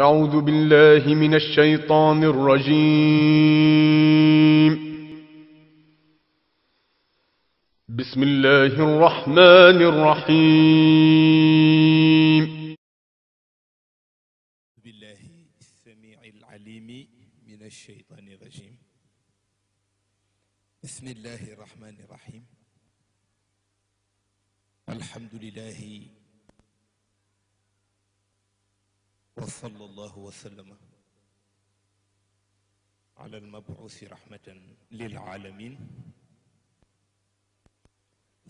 أعوذ بالله من الشيطان الرجيم بسم الله الرحمن الرحيم بالله السميع العليم من الشيطان الرجيم بسم الله الرحمن الرحيم الحمد لله wa sallallahu wa sallama ala almabuusi rahmatan lil aalamin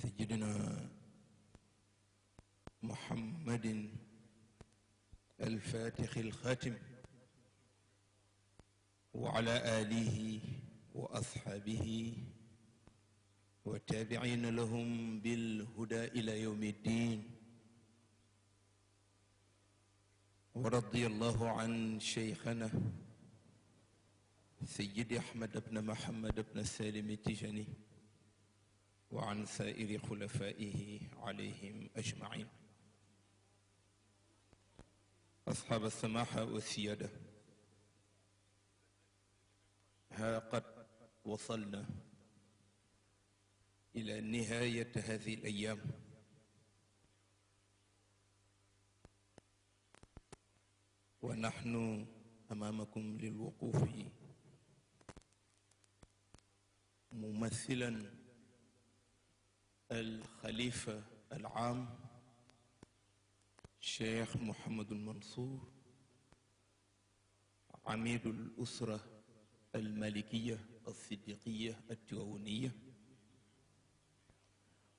sayyidina muhammadin alfatixi alxaatim wa ala aalihi wa asxaabihi wa taabiciina lahum bilhuda ila yawmi ddin ورضي الله عن شيخنا سيدي أحمد بن محمد بن سالم التجاني وعن سائر خلفائه عليهم أجمعين أصحاب السماحة والسيادة ها قد وصلنا إلى نهاية هذه الأيام wa naxnu amaamakum lil wuquufi mumathilan al xalifa al aam Cheikh Mouhamadul Mansour amidul usra al malikiya al siddiqiya al tiwaawuniya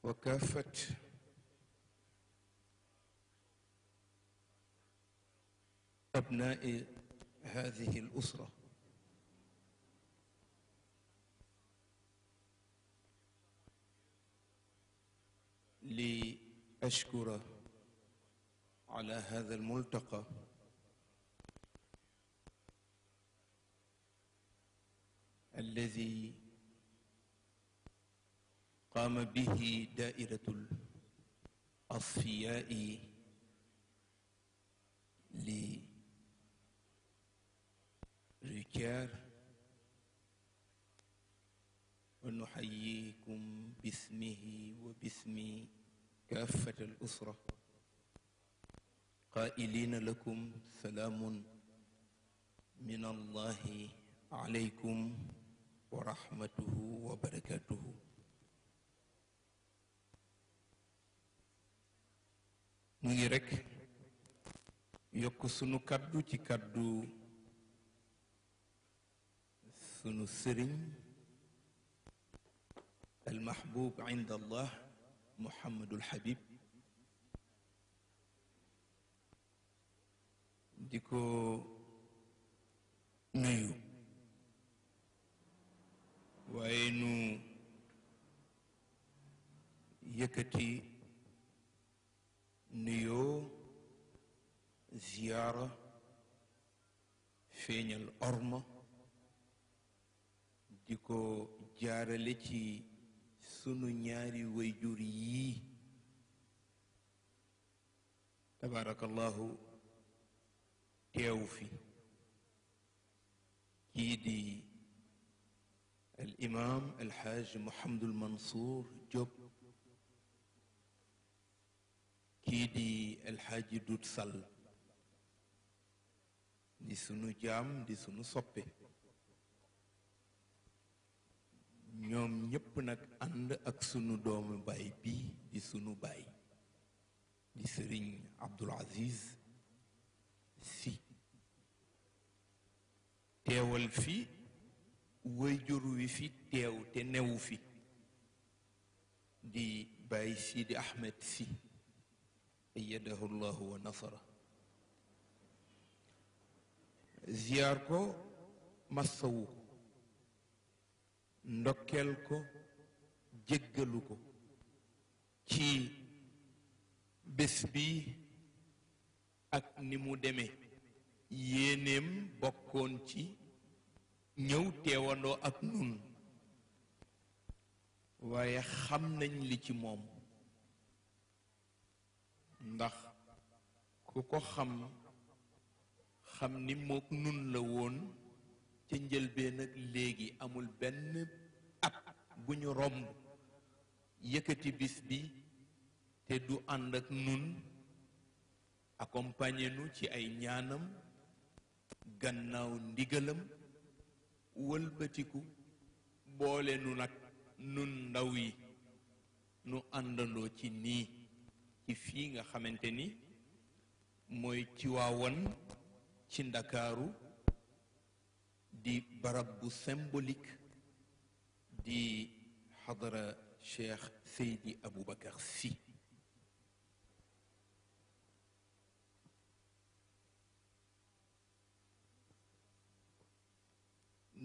wa kaafat أبناء هذه الأسرة لأشكر على هذا الملتقى الذي قام به دائرة الأصفياء لأشكر routière wa nuxayikum bismihi wa bismi kaafat al usra qaa'iliina lakum salaamun min allahi aleykum wa rahmatuhu wa barakatuhu mu ngi rekk yokk sunu kàddu ci kàddu sunu sëriñ almahbub inda allah muhammadul habib di ko nuyu waaye nu yëkkati nuyoo ziyaara feeñal orma di ko jaarale ci sunu ñaari wayjur yii tabaarakallahu teew fi kii di al imaam alxaaj Mouhamadul Mansour Diop kii di alxaaji Dut sal di sunu jaam di sunu soppe ñoom ñépp nag ànd ak sunu doomu baay bii di sunu baay di sëriñ Abdul Aziz si teewal fi wayjur wi fi teew te newu fi di baay siidi Ahmed si ayyadahu llahu wa nasara ziyaar ko massawu ndokkel ko jéggalu ko ci bés bi ak ni mu demee yéenéem bokkoon ci ñëw teewandoo ak nun waaye xam nañ li ci moom ndax ku ko xam xam ni mook nun la woon ca njëlbeen ak léegi amul benn at bu ñu romb yëkkati bis bi te du ànd ak nun accompagner ci ay ñaanam gannaaw ndigalam wëlbatiku boole nu nag nun ndaw yi nu àndandoo ci nii ci fii nga xamante ni mooy Tiwaawan ci Ndakaaru di barab bu symbolique di xadara cheikh seydi aboubacar si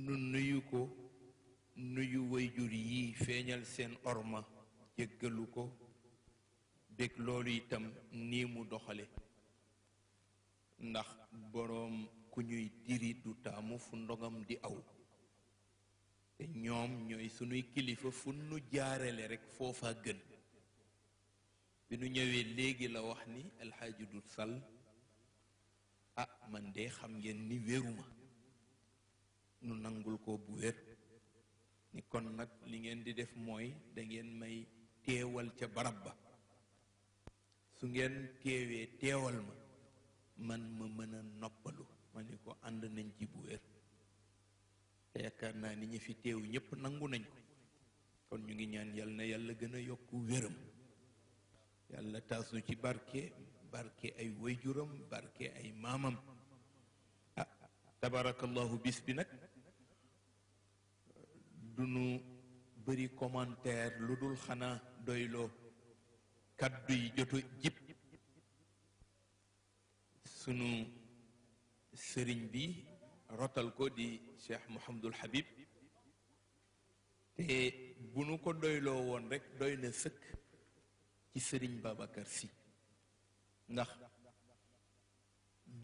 nu nuyu ko nuyu wayjur yi feeñal seen orma jéggalu ko bég loolu itam ni mu doxale ndax boroom ku ñuy diri du taamu fu ndogam di aw te ñoom ñooy sunuy kilifa fu nu jaarale rekk foofa gën bi nu ñëwee léegi la wax ni alxaaji du sal ah man de xam ngeen ni wéruma nu nangul ko bu wér ni kon nag li ngeen di def mooy da ngeen may teewal ca barab ba su ngeen teewee teewal ma man ma mën a noppalu ma ni ko ànd nañ ci wér yaakaar naa ni ñu fi teew ñëpp nangu nañ ko kon ñu ngi ñaan yal na yàlla gën a yokk wéram yàlla taas ci barke barke ay wayjuram barke ay maamam ah tabarakallahu bis bi nag du nu bëri commentaire lu dul xanaa doyloo kàddu yi joto jib sunu sëriñ bi rotal ko di cheikh Mouhamadul Habib te bu nu ko doyloo woon rekk doy na sëkk ci sëriñ Babacar si ndax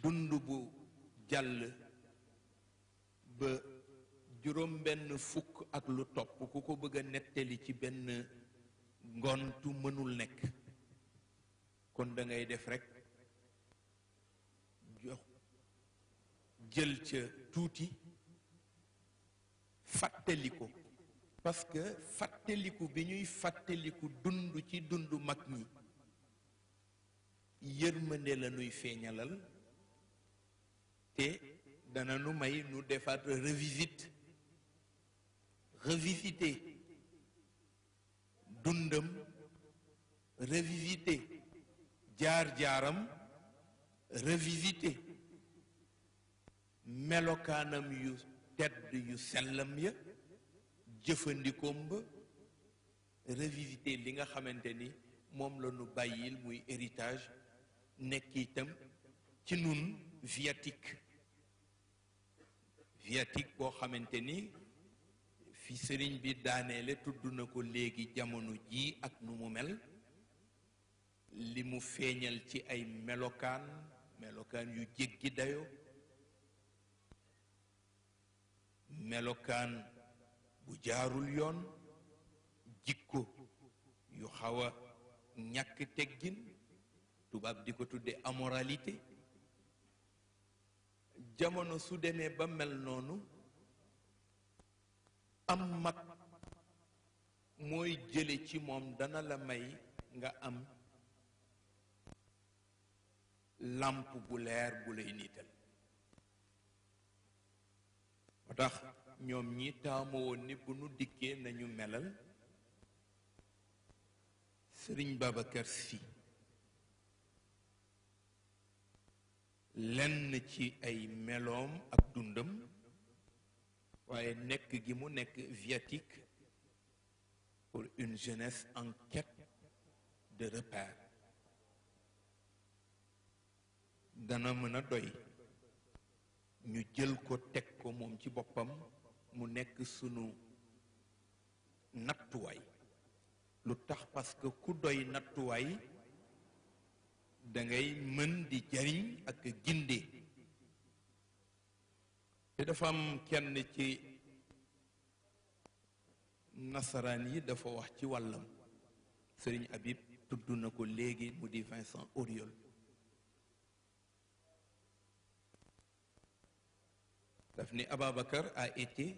dund bu jàll ba juróom benn fukk ak lu topp ku ko bëgg a nettali ci benn ngontu mënul nekk kon da ngay def rekk jël ca tuuti fàttaliku parce que fàttaliku bi ñuy fàttaliku dund ci dund mag ñi yërmande la nuy feeñalal te dana nu may nu defaat revisite revisité dundam revisité jaar-jaaram revisité melokaanam yu tedd yu sellam ya jëfandikoom ba révisité li nga xamante ni moom la nu bàyyil muy héritage nekk itam ci nun viatique viatique boo xamante ni fi sëriñ bi daaneele tudd na ko léegi jamono ji ak nu mu mel li mu feeñal ci ay melokaan melokaan yu jéggi dayo melokaan bu jaarul yoon jikko yu xaw a ñàkk teggin tubaab di ko tudde amoralité jamono su demee ba mel noonu am mag mooy jële ci moom dana la may nga am làmp bu leer bu lay niital tax ñoom ñi taamu woon ni bu nu dikkee nañu melal sëriñ Babacar Sy lenn ci ay meloom ak dundam waaye nekk gi mu nekk viatique pour une jeunesse en de repère dana mën a doy ñu jël ko teg ko moom ci boppam mu nekk sunu nattuwaay lu tax parce que ku doy nattuwaay da ngay mën di jariñ ak ginde te dafa am kenn ci nasaraan yi dafa wax ci wàllam sëriñ Habib tudd na ko léegi mu di Vincent Auriol Daphné Ababakar a été,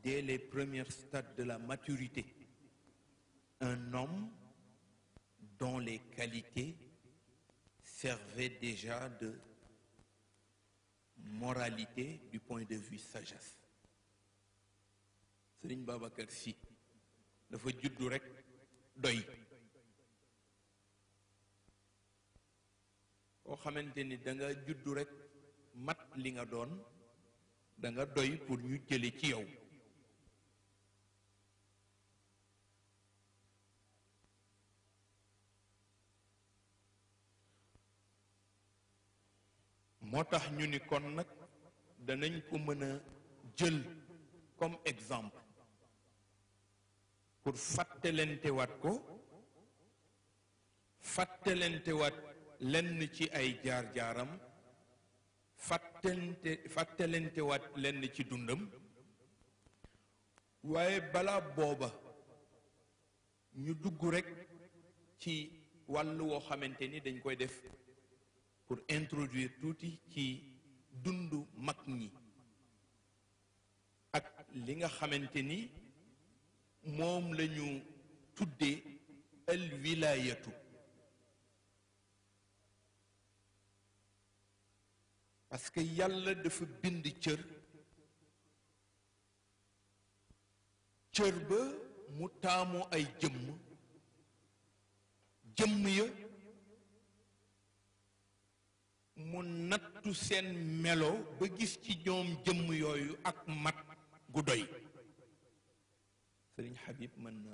dès les premiers stades de la maturité, un homme dont les qualités servaient déjà de moralité du point de vue sagesse. Sëriñ Babacar Sy dafa juddu rekk doy koo xamante ni danga juddu rekk mat li nga doon danga doy pour ñu jële ci yow moo tax ñu ni kon nag danañ ko mën a jël comme exemple pour fàttalentewaat ko fàttalentewaat lenn ci ay jaar-jaaram fàttalente fàttalentewaat lenn ci dundam waaye balaa booba ñu dugg rekk ci wàll woo xamante ni dañ koy def pour introduire tuuti ci dund mag ñi ak li nga xamante ni moom lañu ñu tuddee al wilaayatu parce que yàlla dafa bind cër cër ba mu taamu ay jëmm jëmm ya mu nattu seen melo ba gis ci ñoom jëmm yooyu ak mat gu doy sëriñ Habib mën na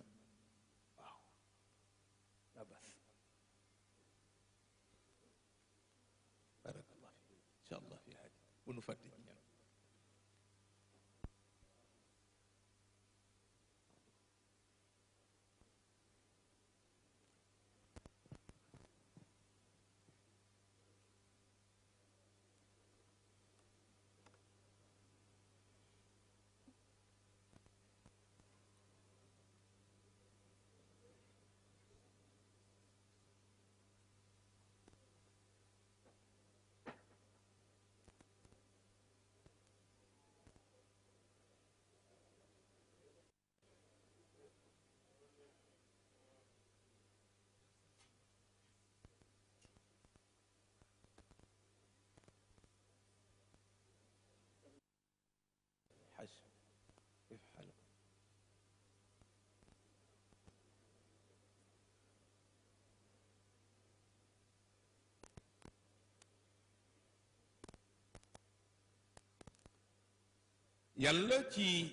yàlla ci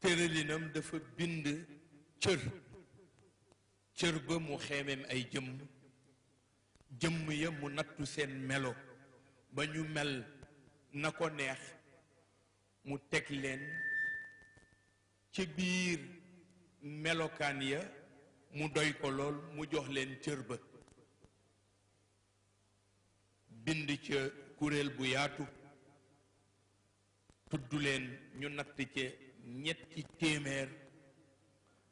tëralinam dafa bind cër cër ba mu xeemeem ay jëmm jëmm ya mu nattu seen melo ba ñu mel na ko neex mu teg leen ci biir melokaan ya mu doy ko lool mu jox leen cër ba bind ca kuréel bu yaatu tudd leen ñu natt ci ñetti téeméer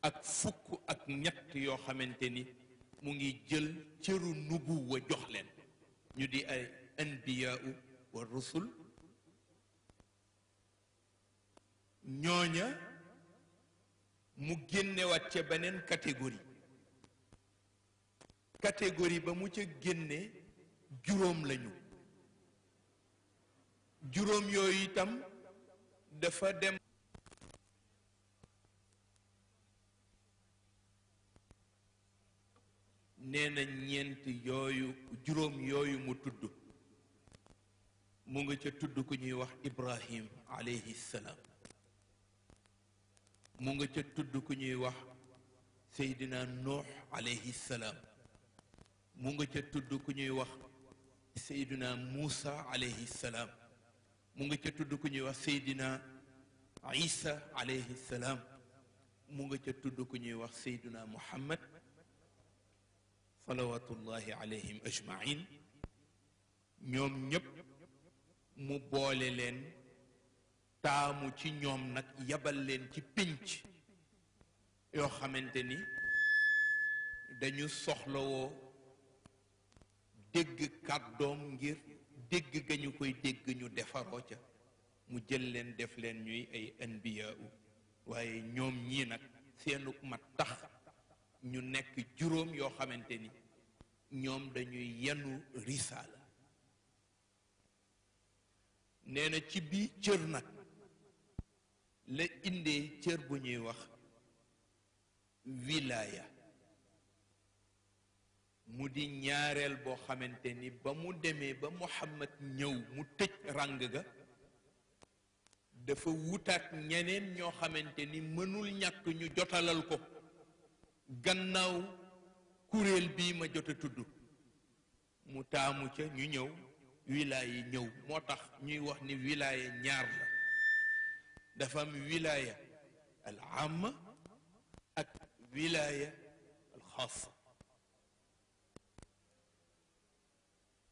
ak fukk ak ñett yoo xamante ni mu ngi jël cëru nubuwa jox leen ñu di ay anbiyaau wa rusul ñooña mu génnewaat ca beneen catégorie catégorie ba mu ca génne juróom lañu juróom yooyu itam dafa dem nee na ñeent yooyu juróom yooyu mu tudd mu nga ca tudd ku ñuy wax Ibrahim aleyhi mu nga ca tudd ku ñuy wax Seydina Nuux aleyhi mu nga ca tudd ku ñuy wax Seydina Muusa aleyhi salaam mu nga ca tudd ku ñuy wax Seydina Isa alayhi salaam mu nga ca tudd ku ñuy wax Seydina Muhammad salawatullahi alayhim ñoom ñëpp mu boole leen taamu ci ñoom nag yabal leen ci pénc yoo xamante ni dañu soxlawoo dégg kàddoom ngir dégg ga ñu koy dégg ñu defaroo ca mu jël leen def leen ñuy ay anbiyaawu waaye ñoom ñii nag seenu mat tax ñu nekk juróom yoo xamante ni ñoom dañuy yenu risaala nee ci bii cër nag la indee cër bu ñuy wax wilaaya mu di ñaareel boo xamante ni ba mu demee ba Muhammad ñëw mu tëj ràng ga dafa wutaat ñeneen ñoo xamante ni mënul ñàkk ñu jotalal ko gannaaw kuréel bii ma jot a tudd mu taamu ca ñu ñëw wilaaya yi ñëw moo tax ñuy wax ni wilaaya ñaar la dafa am wilaaya al amma ak wilaaya al xaasa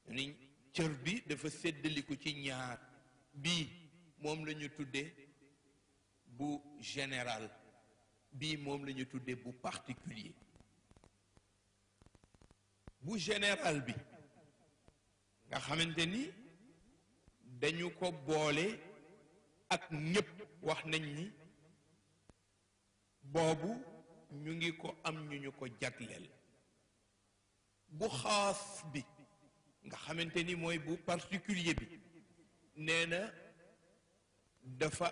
ni cër bi dafa séddaliku ci ñaar bii moom lañu tudde bu général bii moom la ñu tudde bu particulier bu général bi nga xamante ni dañu ko boole ak ñépp wax nañ ni boobu ñu ngi ko am ñu ñu ko jagleel bu xaas bi nga xamante ni mooy bu particulier bi nee na dafa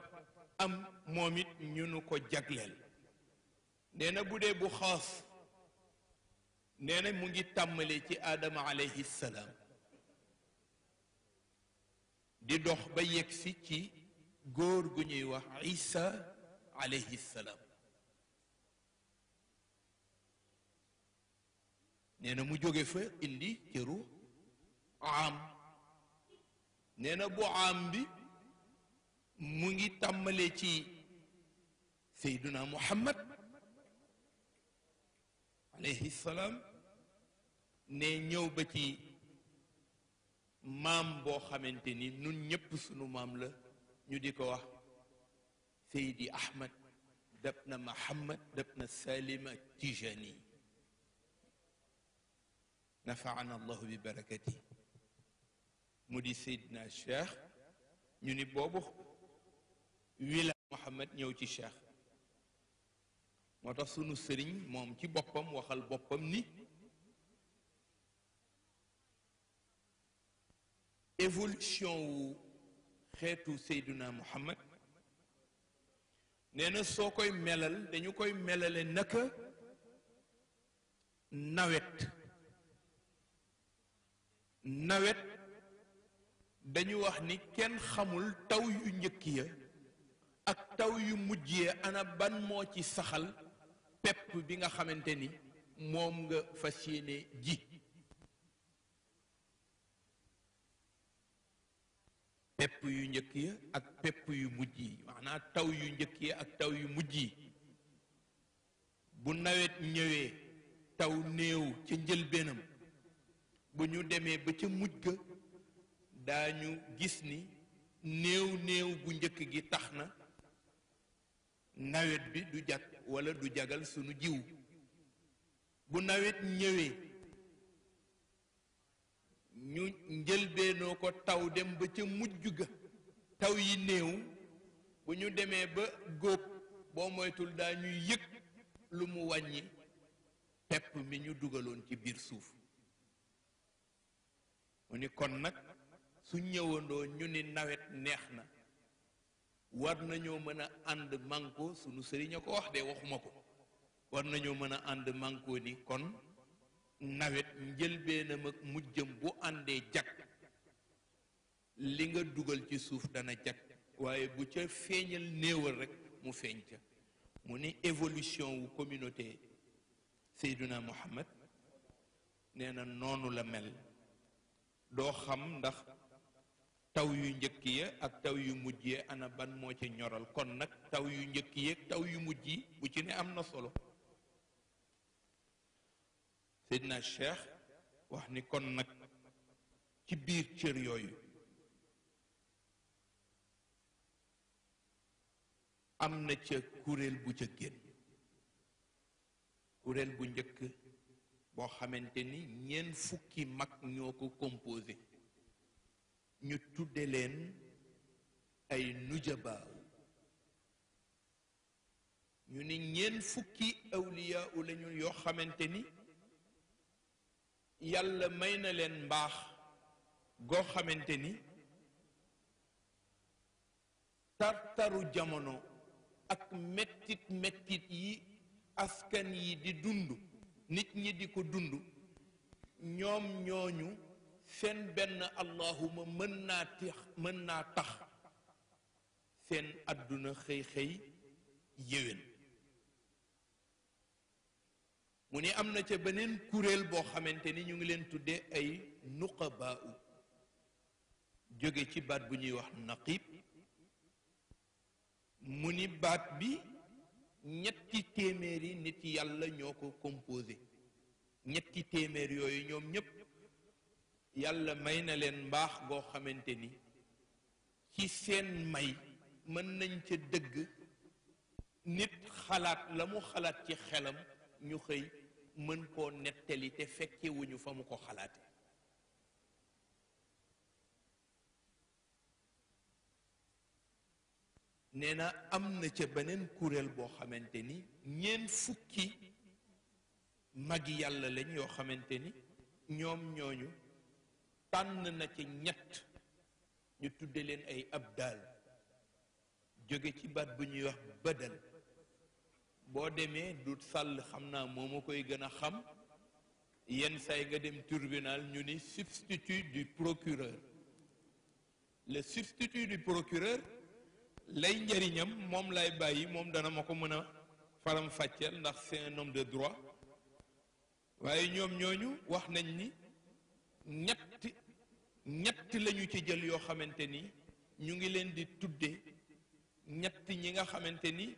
am moom it ñu nu ko jagleel nee na bu dee bu xaas nee mu ngi tàmmalee ci aadama alayhi salaam di dox ba yegsi ci góor gu ñuy wax isa alayhi salaam nee na mu jóge fa indi ci ruux am nee na bu am bi mu ngi tàmbalee ci seyduna muhammad alayhi salaam ne ñëw ba ci maam boo xamante ni nun ñëpp sunu maam la ñu di ko wax seydi ahmad dab na muhammad dab na salima nafaana allahu bi barakati mu di Seydina Cheikh ñu ni boobu wila Muhammad ñëw ci Cheikh moo tax sunu sëriñ moom ci boppam waxal boppam ni évolution wu xeetu Seydina Muhammad neena soo koy melal dañu koy melale naka nawet nawet dañu wax ni kenn xamul taw yu njëkk ya ak taw yu mujj ya ana ban moo ci saxal pepp bi nga xamante ni moom nga fas yéene ji pepp yu njëkk ya ak pepp yu mujj yi maanaam taw yu njëkk ya ak taw yu mujj yi bu nawet ñëwee taw néew ca njëlbeenam bu ñu demee ba ca mujj ga daañu gis ni néew néew bu njëkk gi tax na nawet bi du jag walla du jagal sunu jiw bu nawet ñëwee ñu njëlbeenoo ko taw dem ba ca mujj ga taw yi néew bu ñu demee ba góob boo moytul daañuy yëg lu mu wàññi pepp mi ñu dugaloon ci biir suuf mu ni kon nag su ñëwandoo ñu ni nawet neex na war nañoo mën a ànd mànkoo sunu sëriñ ko wax de waxuma ko war nañoo mën a ànd mànkoo ni kon nawet njëlbeenam ak mujjëm bu àndee jag li nga dugal ci suuf dana jag waaye bu ca feeñal néewal rekk mu feeñ ca mu ni évolution wu communauté Seyduna Muhammad nee na noonu la mel doo xam ndax taw yu njëkk ya ak taw yu mujj ya ana ban moo ci ñoral kon nag taw yu njëkk yeeg taw yu mujj yi bu ci ne am na solo na Cheikh wax ni kon nag ci biir cër yooyu am na ca kuréel bu ca génn kuréel bu njëkk boo xamante ni ñeent fukki mag ñoo ko composé ñu tudde leen ay nujabaaw ñu ni ñeen fukki awliyaa lañu yoo xamante ni yàlla may na leen mbaax goo xamante ni tartaru jamono ak metit mettit yi askan yi di dund nit ñi di ko dund ñoom ñooñu seen benn allahuma mën naa tax mën naa tax seen àdduna xëy-xëy yéwén mu ni am na ca beneen kuréel boo xamante ni ñu ngi leen tudde ay nuqabaa jóge ci baat bu ñuy wax naqib mu ni baat bi ñetti téeméeri nit yàlla ñoo ko composé ñetti téeméer yooyu ñoom ñépp yàlla may na leen mbaax goo xamante ni ci seen may mën nañ ca dëgg nit xalaat la mu xalaat ci xelam ñu xëy mën koo nettali te fekke fa mu ko xalaate nee na am na ca beneen kuréel boo xamante ni ñeent fukki mag yàlla lañ yoo xamante ni ñoom ñooñu tànn na ci ñett ñu tudde leen ay ab abdal jóge ci baat bu ñuy wax badal boo demee du sàll xam naa moo ma koy gën a xam yenn saay nga dem tribunal ñu ni substitut du procureur le substitut du procureur lay njëriñam moom lay bàyyi moom dana ma ko mën a faram fàcceel ndax c'est un de droit waaye ñoom ñooñu wax nañ ni ñetti ñett lañu ci jël yoo xamante ni ñu ngi leen di tudde ñett ñi nga xamante ni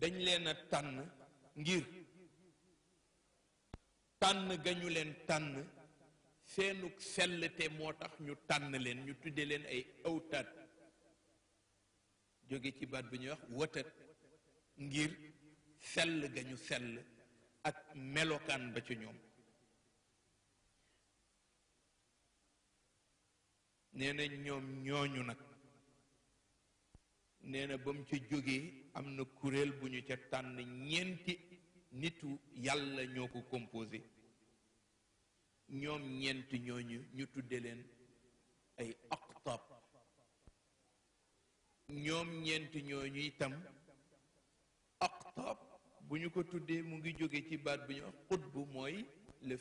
dañ leen a tànn ngir tànn ga ñu leen tànn seenug sellte moo tax ñu tànn leen ñu tudde leen ay awtaat jóge ci baat bu ñuy wax watat ngir sell ga ñu sell ak melokaan ba ci ñoom nee ñoom ñooñu nag neena na ba mu ca jógee am na kuréel bu ñu ca tànn ñeenti nitu yàlla ñoo ko composé ñoom ñeent ñooñu ñu tudde leen ay aqtab ñoom ñeent ñooñu itam aqtab bu ñu ko tuddee mu ngi jóge ci baat bi ñu wax xutb mooy le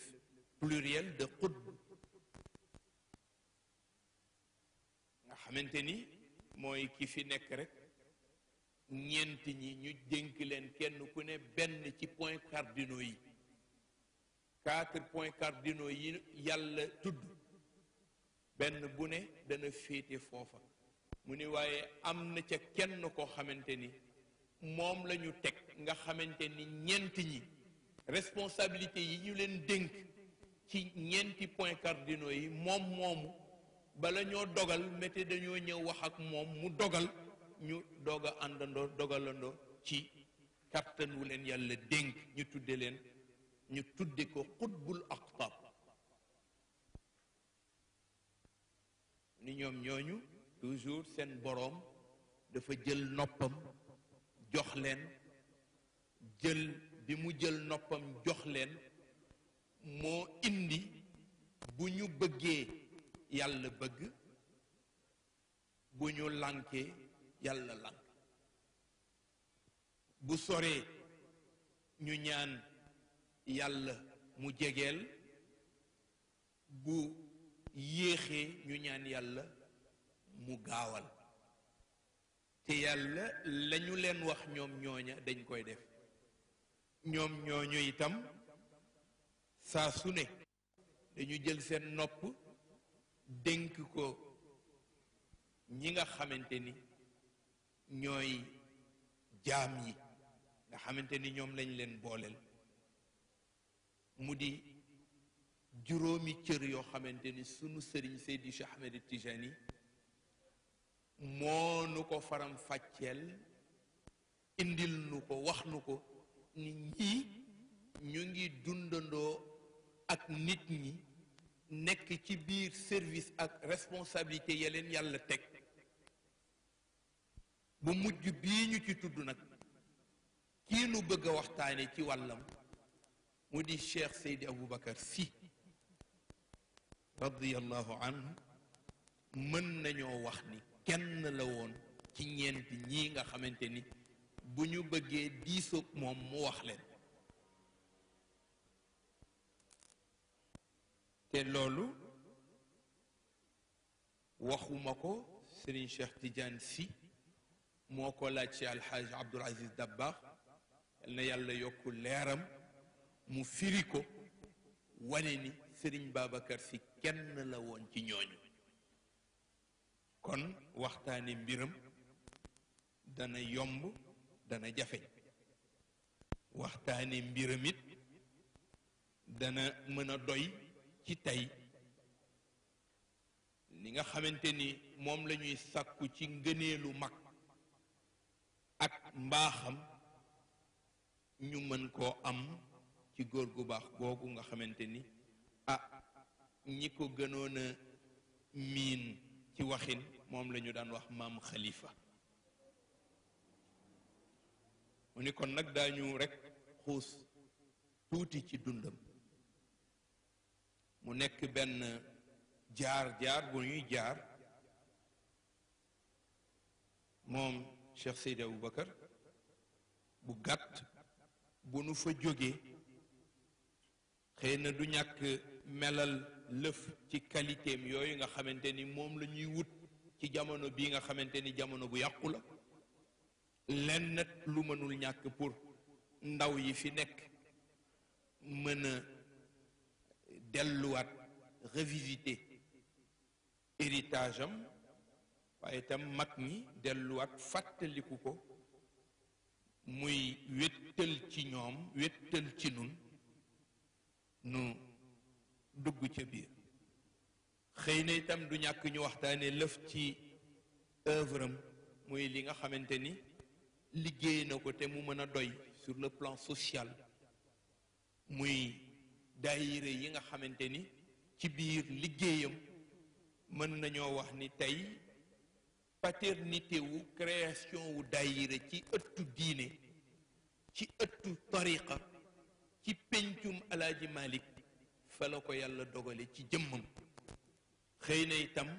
pluriel de xutb xamante ni mooy kii fi nekk rek ñeent ñi ñu dénk leen kenn ku ne benn ci point cardinaux yi quatre point cardinaux yi yàlla tudd benn bu ne dana féete foofa mu ni waaye am na ca kenn koo xamante ni moom la ñu teg nga xamante ni ñeent ñi responsabilité yi ñu leen dénk ci ñeenti points cardinaux yi moom moomu bala ñoo dogal mété dañoo ñëw wax ak moom mu dogal ñu doga àndandoo dogalandoo ci kàttan wu leen yàlla dénk ñu tudde leen ñu tudde ko xutbul aqtab ni ñoom ñooñu toujours seen boroom dafa jël noppam jox leen jël bi mu jël noppam jox leen moo indi bu ñu bëggee yàlla bëgg bu ñu lànkee yàlla lànk bu soree ñu ñaan yàlla mu jegeel bu yéexee ñu ñaan yàlla mu gaawal te yàlla lañu leen wax ñoom ñooña dañ koy def ñoom ñooñu itam saa su ne dañu jël seen nopp dénk ko ñi nga xamante ni ñooy jaam yi nga xamante ni ñoom lañ leen booleel mu di juróomi cër yoo xamante ni sunu sëriñ Seydi Cheikh Ahmed Tijani moo nu ko faram fàcceel indil nu ko wax nu ko nit ñu ngi dundandoo ak nit ñi nekk ci biir service ak responsabilité ya leen yàlla teg bu mujj bii ñu ci tudd nag kii nu bëgg a waxtaane ci wàllam mu di cheikh seydi aboubacar si radiallahu anhu mën nañoo wax ni kenn la woon ci ñeent ñii nga xamante ni bu ñu bëggee diisoog moom mu wax leen loolu waxuma ko sëriñ Cheikh Tidiane si moo ko laaj ci alxaaj Abdul Aziz Dabbaax na yàlla yokk leeram mu firi ko wane ni sëriñ Babacar Sy kenn la woon ci ñooñu kon waxtaani mbiram dana yomb dana jafe waxtaane mbiram it dana mën a doy ci tey li nga xamante ni moom lañuy sàkku ci ngëneelu mag ak mbaaxam ñu mën koo am ci góor gu baax googu nga xamante ni ah ñi ko gënoona miin ci waxin moom lañu daan wax maamu xalifa mu ni kon nag daañu rekk xuus tuuti ci dundam mu nekk benn jaar-jaar bu ñuy jaar moom Cheikh Seydi Aboubacar bu gàtt bu nu fa jógee xëy na du ñàkk melal lëf ci qualitéem yooyu nga xamante ni moom lañuy wut ci jamono bii nga xamante ni jamono bu yàqu la lenn lu mënul ñàkk pour ndaw yi fi nekk mën delluwaat revisiter héritage am waaye tam mag ñi delluwaat fàttaliku ko muy wéttal ci ñoom wéttal ci nun nu dugg ca biir xëy na itam du ñàkk ñu waxtaane lëf ci œuvre am muy li nga xamante ni liggéey na ko te mu mën a doy sur le plan social muy daayire yi nga xamante ni ci biir liggéeyam mën nañoo wax ni tey paternité wu création wu daayire ci ëttu diine ci ëttu tariqa ci pencum alaaji Malik fa la ko yàlla dogale ci jëmmam xëy na itam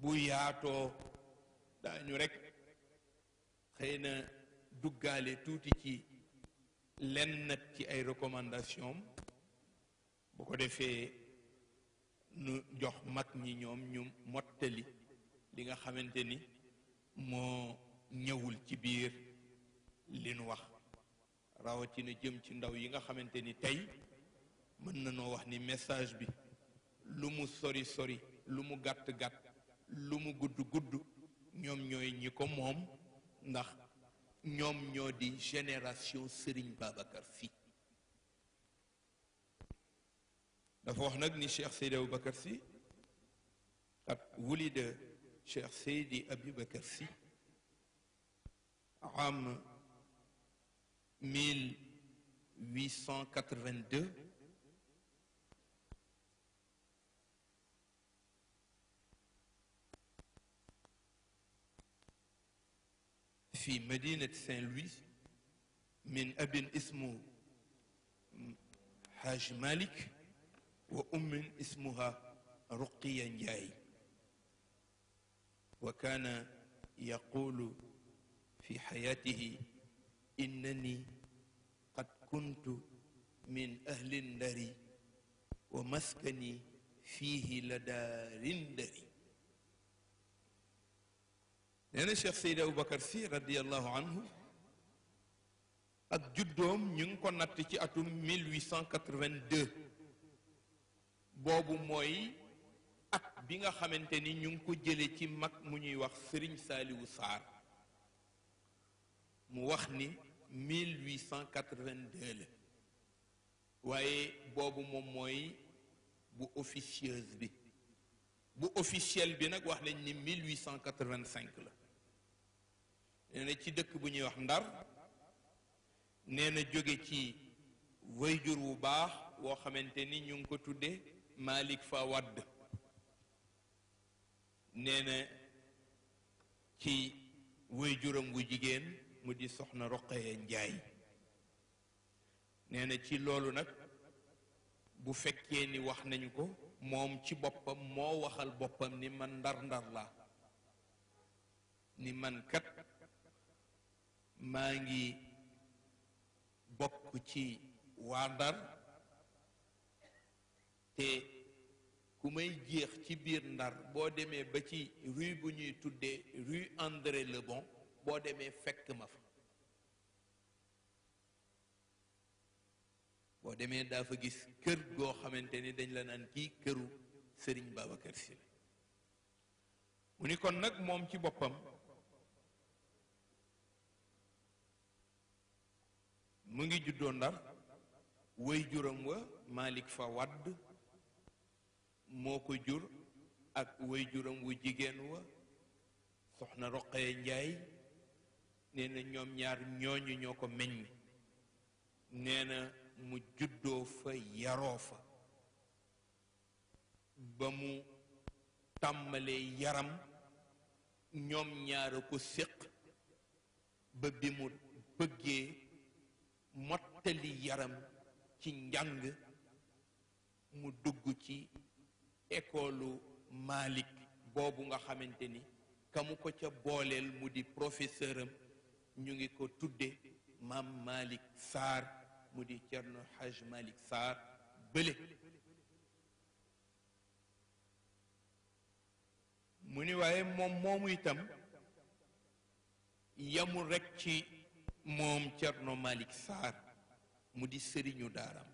bu yaatoo daañu rekk xëy na duggaale tuuti ci lenn nag ci ay recommandation bu ko defee nu jox mag ñi ñoom ñu mottali li nga xamante ni moo ñëwul ci biir li nu wax rawatina jëm ci ndaw yi nga xamante ni tey mën nañoo wax ni message bi lu mu sori sori lu mu gàtt gàtt lu mu gudd gudd ñoom ñooy ñi ko moom ndax ñoom ñoo di génération Serigne Babacar Sy dafa wax nag ni cheikh seydi aboubacar si qad wulida cheikh seydi aboubacar si am 1882 في مدينة سان لويس من أب اسمه حاج مالك wa ummin ismuha ruqiya njaay wa kaana yaqulu fi xayaatihi innani qad kuntu min ahli ndari wa maskani fiihi la daarin dari nee na Cheikh Seydi Aboubacar Sy radiallahu anhu ak juddoom ñu ngi ko natt ci atum 1882 boobu mooy at bi nga xamante ni ñu ngi ko jële ci mag mu ñuy wax Sëriñ Saaliwu Saar mu wax ni 1882 la waaye boobu moom mooy bu officieuse bi bu officiel bi nag wax nañ ni 1885 la nee na ci dëkk bu ñuy wax Ndar nee na jóge ci wayjur wu baax woo xamante ni ñu ngi ko tuddee Malick Fawad nee na ci wéy juróom gu jigéen mu di soxna Roqaya Njaay nee ci loolu nag bu fekkee ni wax nañu ko moom ci boppam moo waxal boppam ni man ndar-ndar la ni man kat maa ngi bokk ci waa ndar te ku may jeex ci biir ndar boo demee ba ci rue bu ñuy tuddee rue André Le Bon boo demee fekk ma fa boo demee daa fa gis kër goo xamante ni dañ la naan kii këru sëriñ Babacar Si mu ni kon nag moom ci boppam mu ngi juddoo ndar way juram wa Malick fa wadd moo ko jur ak way juram wu jigéen wa soxna roqee njaay nee na ñoom ñaar ñooñu ñoo ko meññ nee na mu juddoo fa yaroo fa ba mu tàmbalee yaram ñoom ñaar a ko séq ba bi mu bëggee mottali yaram ci njàng mu dugg ci école Malick boobu nga xamante ni kamu ko ca booleel mu di professeur ñu ngi ko tudde maam Malick Sarr mu di Cerno Haj Malick Sarr bële mu ni waaye moom moomu itam yamul rekk ci moom Cerno Malick Sarr mu di sëriñu daaram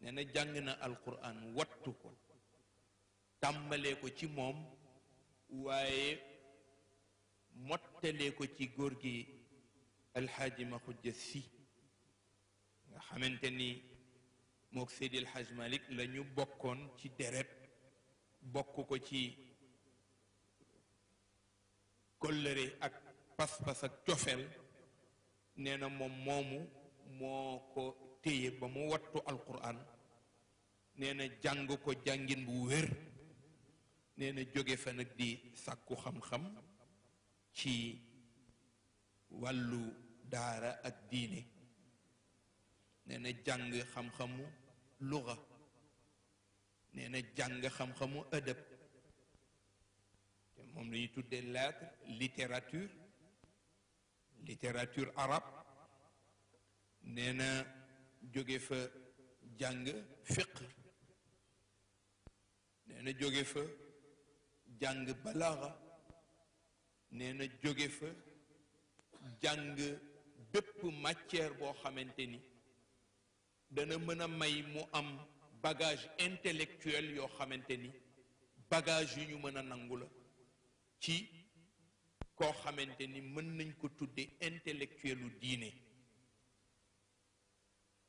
nee na jàng na alquran wattu ko tàmbalee ko ci moom waaye mottalee ko ci góor gi alxaaji ma xujja si nga xamante ni mook Seydi El Hadj Malick bokkoon ci deret bokk ko ci kollëre ak pas-pas ak cofeel nee na moom moomu moo ko téye ba mu wattu alquran nee na jàng ko jàngin bu wér nee jóge fa nag di sàkku xam-xam ci wàllu daara ak diine nee na jàng xam-xamu luga nee jàng xam-xamu ëdëb te moom la ñuy tuddee lettre littérature littérature arabe jóge fa jàng fiq nee jóge fa jàng balaaxa nee na jóge fa jàng bépp matière boo xamante ni dana mën a may mu am bagage intellectuel yoo xamante ni bagage yu ñu mën a nangu la ci koo xamante ni mën nañ ko tudde intellectuelu diine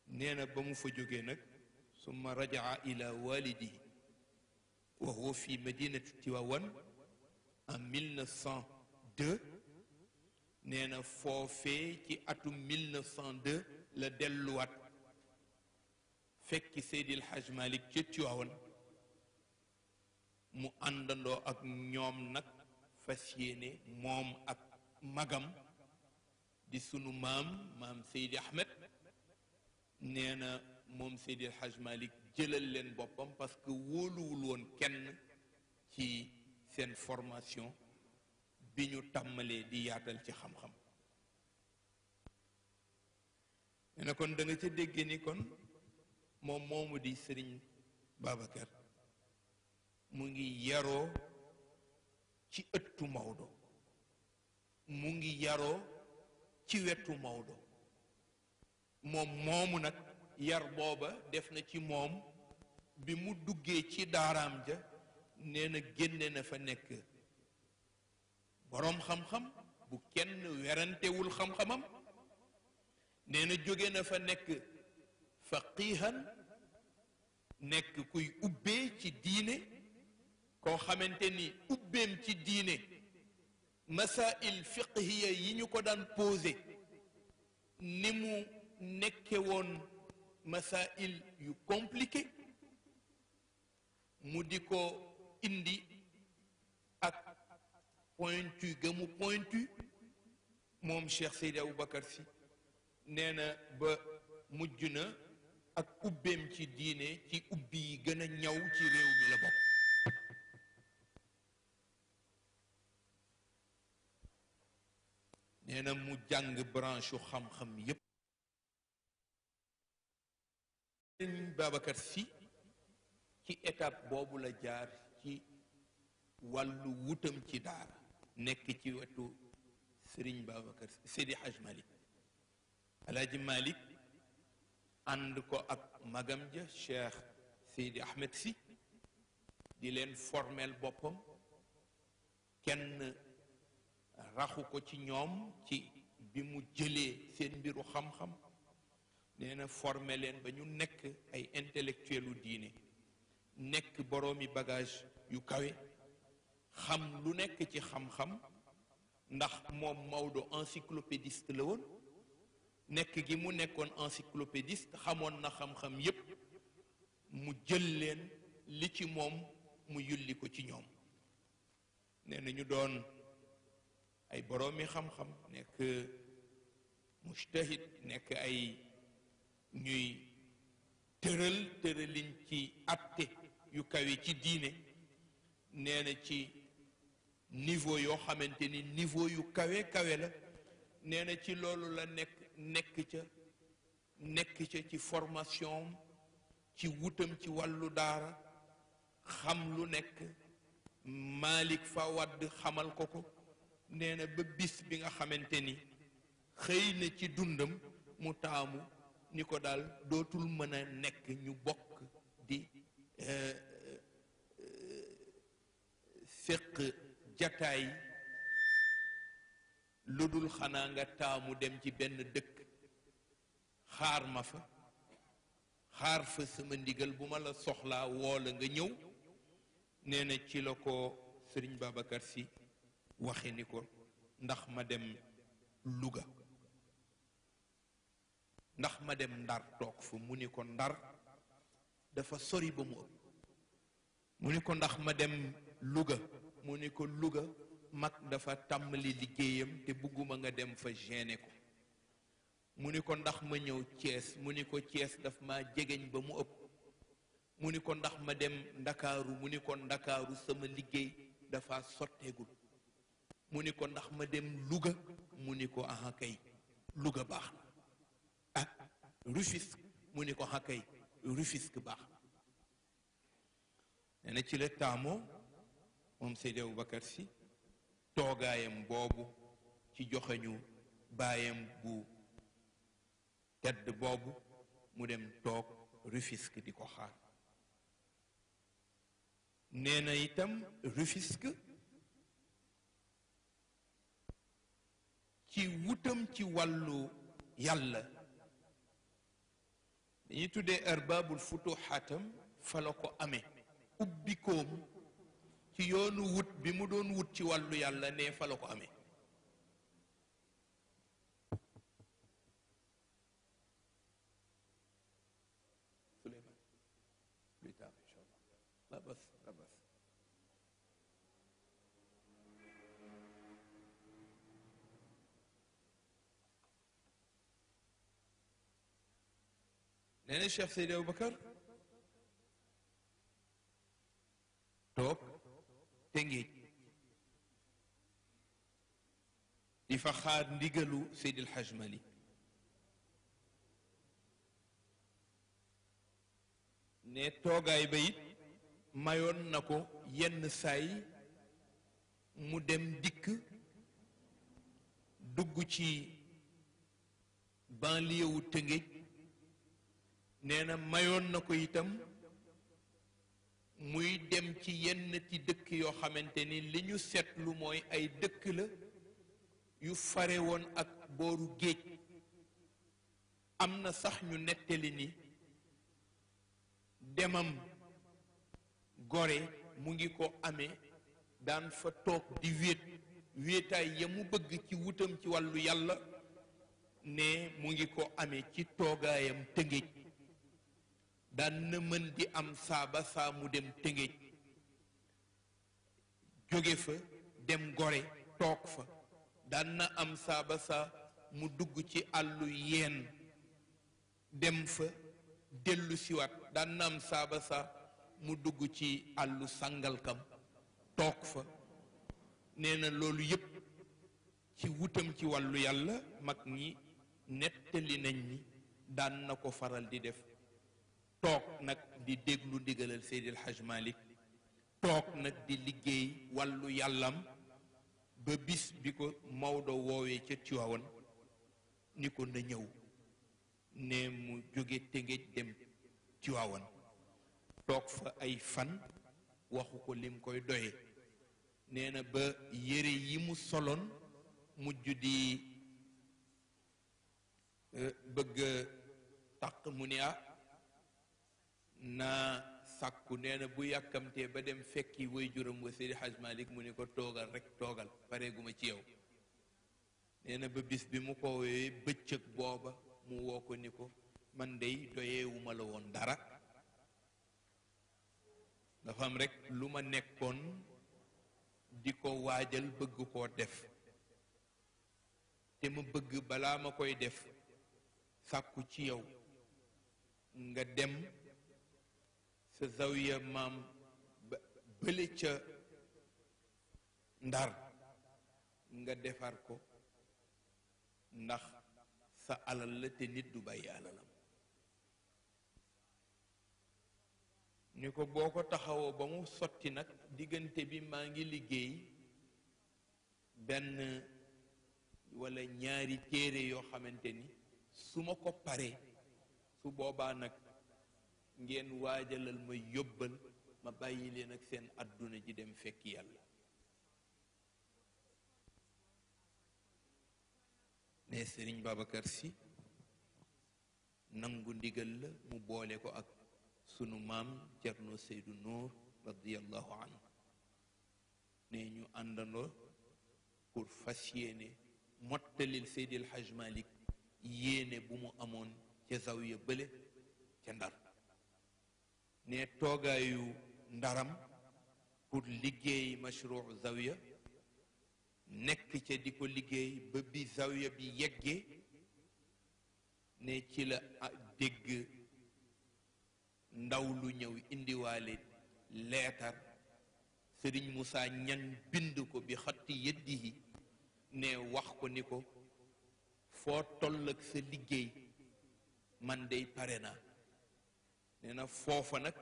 nee na ba mu fa jógee nag summa rajaa ila walidihi wa huwa fi madinatu Tiwaawan en 1902 foofee ci atum 1902 la delluwaat fekki Seydil Hajj Malik ca Tiwaawan mu àndandoo ak ñoom nag fas moom ak magam di sunu maam maam Seydi Ahmed nee moom Seydil Hajj Malik jëlal leen boppam parce que wóoluwul woon kenn ci seen formation bi ñu tàmmalee di yaatal ci xam-xam nee kon da nga ca dégge ni kon moom moomu di sëriñ Babacar mu ngi yaroo ci ëttu Maodo mu ngi yaroo ci wetu Maodo moom moomu nag yar booba def na ci moom bi mu duggee ci daaraam ja nee na génne na fa nekk boroom xam-xam bu kenn werantewul xam-xamam nee na jóge na fa nekk faqihan nekk kuy ubbee ci diine koo xamante ni ubbeem ci diine masail fiqhiya yi ñu ko daan posé ni mu nekke woon masail yu compliqué mu di ko indi ak pointu gëmu pointu moom Cheikh Seydi Aboubacar Sy nee na ba mujj na ak ubbeem ci diine ci ubbi yi gën a ñaw ci réew mi la bokk nee na mu jàng branche yu xam-xam yépp sëriñ Babacar Sy ci étape boobu la jaar ci wàllu wutam ci daara nekk ci wetu sëriñ Babacar Seydi Haj Malick Alaaji Malick ànd ko ak magam ja Cheikh Seydi Ahmed Sy di leen formel boppam kenn raxu ko ci ñoom ci bi mu jëlee seen mbiru xam-xam nee na formé leen ba ñu nekk ay intellectuel u diine nekk boroomi bagage yu kawe xam lu nekk ci xam-xam ndax moom Maodo encyclopédiste la woon nekk gi mu nekkoon encyclopédiste xamoon na xam-xam yépp mu jël leen li ci moom mu yulli ko ci ñoom nee na ñu doon ay boroomi xam-xam nekk mujtahid nekk ay ñuy tëral tëralin ci atte yu kawe ci diine nee na ci niveau yoo xamante ni niveau yu kawee kawe la nee ci loolu la nekk nekk ca nekk ca ci formation ci wutam ci wàllu daara xam lu nekk Malik Fawad xamal ko ko neena na ba bis bi nga xamante ni xëy na ci dundam mu taamu ni ko daal dootul mën a nekk ñu bokk di euh, euh, féq jataay lu dul xanaa nga taamu dem ci benn dëkk xaar ma fa xaar fa sama ndigal bu ma la soxlaa woola nga ñëw nee na ci la ko sëriñ Babacar si waxe ni ko ndax ma dem Louga ndax ma dem ndar toog fa mu ni ko ndar dafa sori ba mu ëpp ni ko ndax ma dem Louga mu ni ko Louga mag dafa tàmbali liggéeyam te bugguma nga dem fa gêné ko mu ni ko ndax ma ñëw cees mu ni ko Thiès dafa ma jegeñ ba mu ëpp mu ni ko ndax ma dem ndakaaru mu ni ko ndakaaru sama liggéey dafa sotteegul mu ni ko ndax ma dem Louga mu ni ko aha kay Louga baax ah mu ni ko xakkay Rufisque baax nee ci la taamoo moom Seydi Aboubacar Sy toogaayam boobu ci joxeñu baayam bu tedd boobu mu dem toog Rufisque di ko xaar nee itam Rufisque ci wutam ci wàllu yàlla ñu tuddee arbabul futuxaatam fa la ko amee ubbikoom ci yoonu wut bi mu doon wut ci wàllu yàlla ne fala ko amee يعني ايش يفتي لابو بكر؟ toog tëngéej di fa xaar ndigalu Seydil Hajj ne toogaay ba it mayoon na ko yenn saay mu dem dikk dugg ci banlieue wu tëngéej nee na mayoon na ko itam muy dem ci yenn ti dëkk yoo xamante ni li ñu seetlu mooy ay dëkk la yu fare woon ak booru géej am na sax ñu nettali ni demam gore mu ngi ko ame daan fa toog di wéet wéetaay ya mu bëgg ci wutam ci wàllu yàlla ne mu ngi ko ame ci toogaayam tëngéej daan mën di am saa saa mu dem tëngéej jóge fa dem gore toog fa daan am saa mu dugg ci àllu yeen dem fa dellu siwaat daan na am saa mu dugg ci àllu sàngalkam toog fa nee na loolu yépp ci wutam ci wàllu yàlla mag ñi nettali nañ ñi daan na ko faral di def toog nag di déglu ndigalal Seydil Hadj Malick toog nag di liggéey wallu yàllam ba bis bi ko Maodo woowee ca Tiwaawan ni ko na ñëw ne mu jóge Tëngéej dem Tiwaawan toog fa ay fan waxu ko lim koy doye nee ba yére yi mu soloon mujj di eh, bëgg taq mu ne ah naa sàkku nee bu yàkkamtee ba dem fekki way juróom wa Seydi Haj mu ni ko toogal rek toogal pareeguma ci yow nee na ba bis bi mu ko woowee bëccëg booba mu woo ko ni ko man dey doyewuma la woon dara dafa am rekk lu ma nekkoon di ko waajal bëgg koo def te ma bëgg balaa ma koy def sàkku ci yow nga dem sa zawiya maam bële ca ndar nga defar ko ndax sa alal la te nit du bàyyi alalam ni ko boo ko taxawoo ba mu sotti nag diggante bi maa ngi liggéey benn walla ñaari téere yoo xamante ni su ma ko paree su boobaa nag ngeen waajalal ma yóbbal ma bàyyi leen ak seen àdduna ji dem fekk yàlla ne sëriñ Babacar si nangu ndigal la mu boole ko ak sunu maam Cerno Seydou Nour radiallahu anhu ne ñu àndandoo pour fas yéene mottalil Seydil Haj Malik yéene bu mu amoon ca zawiya bële ca Ndar ne toogaayu ndaram pour liggéey mashruu zawiya nekk ca di ko liggéey ba bi zawiya bi yeggee ne ci la dégg ndaw lu ñëw indiwaale leetar sëriñ Moussa ñan bind ko bi xatti yëddihi ne wax ko ni ko foo toll ak sa liggéey man dey pare naa nee na foofa nag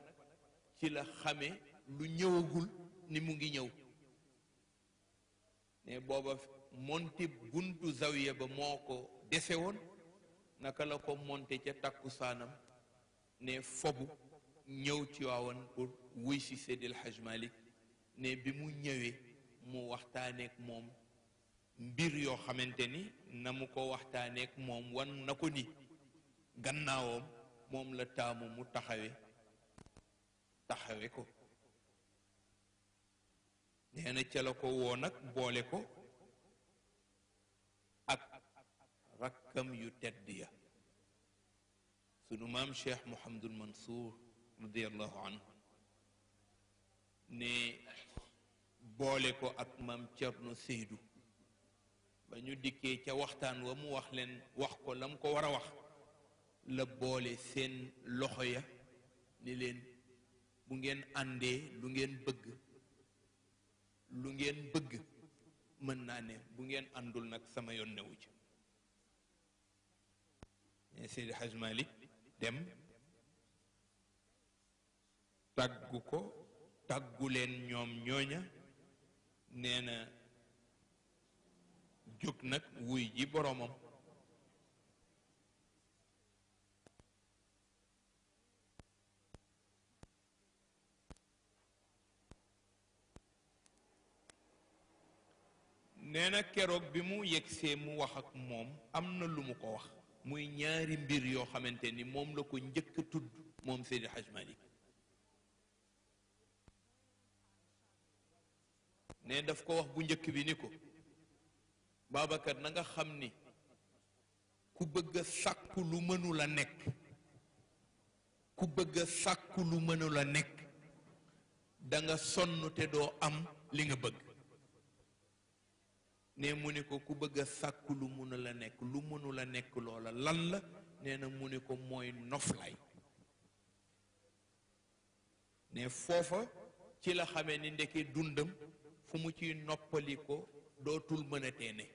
ci la xame lu ñëwagul ni mu ngi ñëw ne booba monte buntu zawiya ba moo ko dese woon naka la ko monte ca takkusaanam ne fobu ñëw ci waawan pour wuy si Seydil Hajj Malik ne bi mu ñëwee mu waxtaaneek moom mbir yoo xamante ni na mu ko waxtaaneek moom wan na ko ni gannaawam moom la taamu mu taxawe taxawe ko nee na ca la ko woo nag boole ko ak rakkam yu tedd ya sunu maam cheikh Mouhamadul Mansour radiallahu anhu ne boole ko ak maam Cerno Seydou ba ñu dikkee ca waxtaan wa mu wax leen wax ko la mu ko war a wax la boole seen loxo ya ni leen bu ngeen àndee lu ngeen bëgg lu ngeen bëgg mën naa ne bu ngeen àndul nag sama yoon newu ci Seydi Hadj Malick dem tàggu ko tàggu leen ñoom ñooña neena jóg nag wuy ji boroomam nee na keroog bi mu yegsee mu wax ak moom am na lu mu ko wax muy ñaari mbir yoo xamante ni moom la ko njëkk tudd moom Seydi Hajj ne daf ko wax bu njëkk bi ni ko Babacar na nga xam ni ku bëgg sàkku lu mënul nekk ku bëgg a sàkku lu mënul a nekk da nga sonn te doo am li nga bëgg ne mu ni ko ku bëgg sàkku sàkk lu mënu la nekk lu mënu la nekk loola lan la nee na mu ni ko mooy noflaay ne foofa ci la xame ni ndeke dundam fu mu ciy noppali ko dootul mën a teene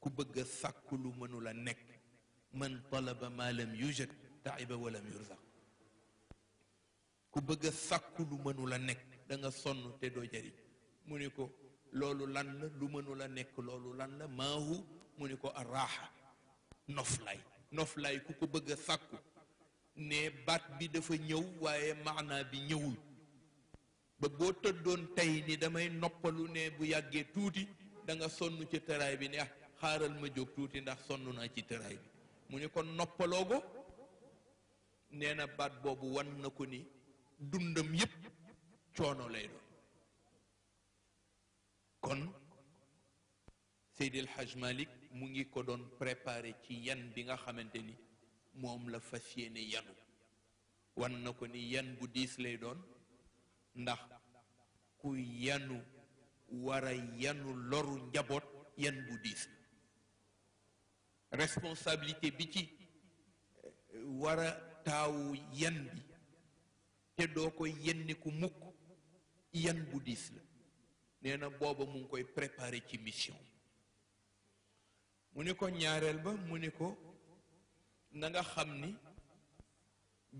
ku bëgg a sàkk lu mënu la nekk man talaba ma ku bëgg a sàkk la nekk sonn te doo jariñ mu ni ko loolu lan la lu mënula nekk loolu lan la maahu mu ni ko araaxa noflay noflay ku ko bëgg a sàkku ne baat bi dafa ñëw waaye maanaa bi ñëwul ba boo tëddoon tey ni damay noppalu ne bu yàggee tuuti danga sonn ci tëraay bi ne ah xaaral ma jóg tuuti ndax sonn naa ci tëraay bi mu ni kon noppaloo ko nee na baat boobu wan na ko ni dundam yépp coono lay doon kon Seydi El Hadj mu ngi ko doon préparé ci yan bi nga xamante ni moom la fas yéene yanu wan na ko ni yan bu diis lay doon ndax ku yanu war a yanu loru njaboot yan bu diis responsabilité bi ci eh, wara taawu yan bi te doo ko yenniku mukk yan bu diis la nee na booba mu ngi koy préparé ci mission mu ni ko ñaareel ba mu ni ko nanga xam ni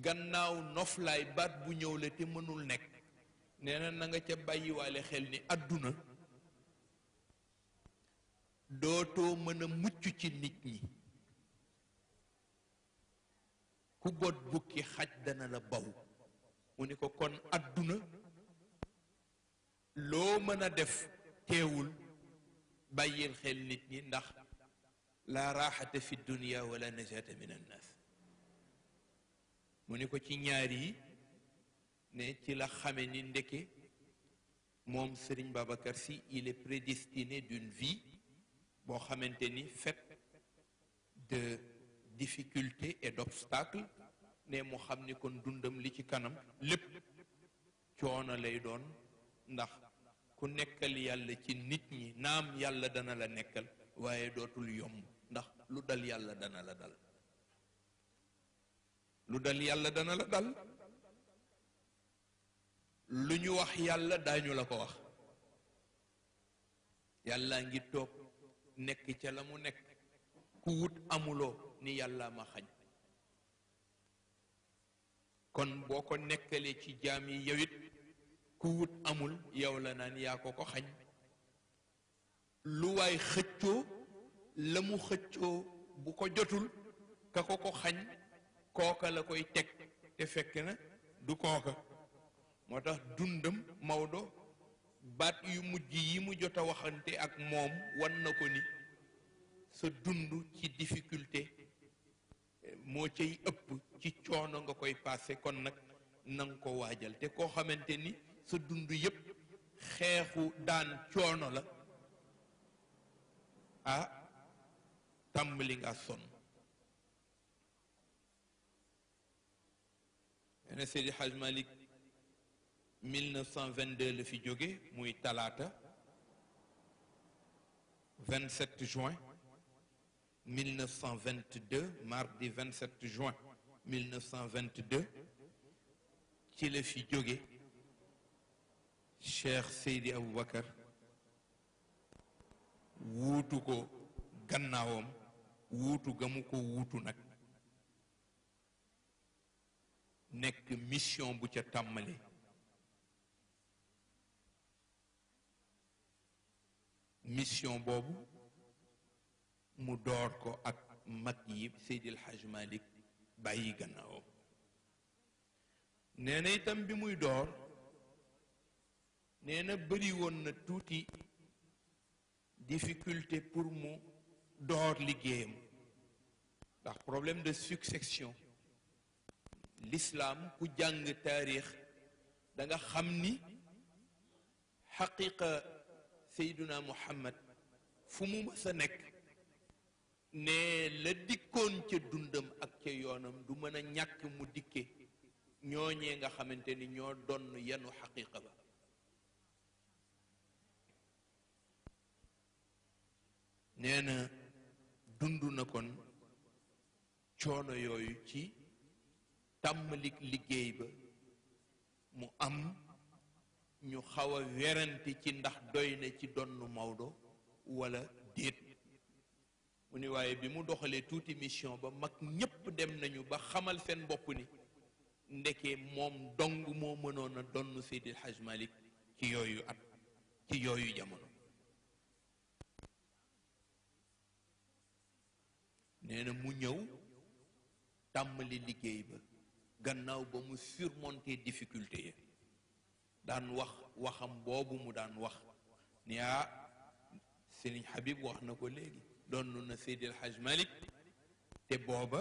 gannaaw noflaay baat bu ñëw la te mënul nekk nee na na nga ca bàyyiwaale xel ni àdduna dootoo mën a mucc ci nit ñi ku boot bukki xaj dana la baw mu ni ko kon àdduna loo mën a def teewul bàyyil xel nit ñi ndax laa raaxata fi dunia wala najaata min annaas mu ni ko ci ñaar yi ne ci la xame ni ndeke moom Serigne Babacar si il est prédestiné d'une vie boo xamante ni faite de difficultés et d'obstacles ne mu xam ni kon dundam li ci kanam lépp coono lay doon ndax ku nekkal yàlla ci nit ñi naam yàlla dana la nekkal waaye dootul yomb ndax lu dal yàlla dana la dal lu yàlla dana dal lu ñu wax yàlla daañu la ko wax yàlla ngi toog nekk ca la mu nekk ku wut amuloo ni yàlla ma xañ kon boo ko nekkalee ci jaam yi yow ku wut amul yow la naan yaa ko ko xañ lu waay xëccoo la mu xëccoo bu ko jotul ka ko ko xañ kooka la koy teg te fekk na du kooka moo tax dundam Maodo baat yu mujj yi mu jot a waxante ak moom wan na ko ni sa dund ci difficulté moo cay ëpp ci coono nga koy passé kon nag nanga ko waajal te koo xamante ni sa dund yépp xeexu daan coono la ah tàmbali nga sonn ne Seydi Haj Malik la fi jóge muy talaata 27 juin 1922 mardi 27 juin 1922 ci la fi jóge cheikh seydi aboubacar wuutu ko gannaawam wuutu ga mu ko wuutu nag nekk mission bu ca tàmmali mission boobu mu door ko ak mag yi Seydil Hajj Malik bàyyi gannaawam nee itam bi muy door nee na bëri woon na tuuti difficulté pour mu door liggéeyam ndax problème de succession lislaam ku jàng taarix da nga xam ni xaqiqa seyduna muhammad fu mu mës nekk ne la dikkoon ca dundam ak ca yoonam du mën a ñàkk mu dikke ñooñee nga xamante ni ñoo donn yenu xaqiqa ba neena dund na kon coono yooyu ci tàmmalik liggéey ba mu am ñu xaw a ci ndax doy na ci donnu Maodo wala déet mu ni waaye bi mu doxalee tuuti mission ba mag ñépp dem nañu ba xamal seen bopp ni ndeke moom dong moo mënoon a donn Seydil Hajj Malick ci yooyu at ci yooyu jamono nee na mu ñëw tàmbali liggéey ba gannaaw ba mu surmonter difficulté ya daan wax waxam boobu mu daan wax ni ah Sëriñ Habib wax na ko léegi doon na Seydi El Hadj te booba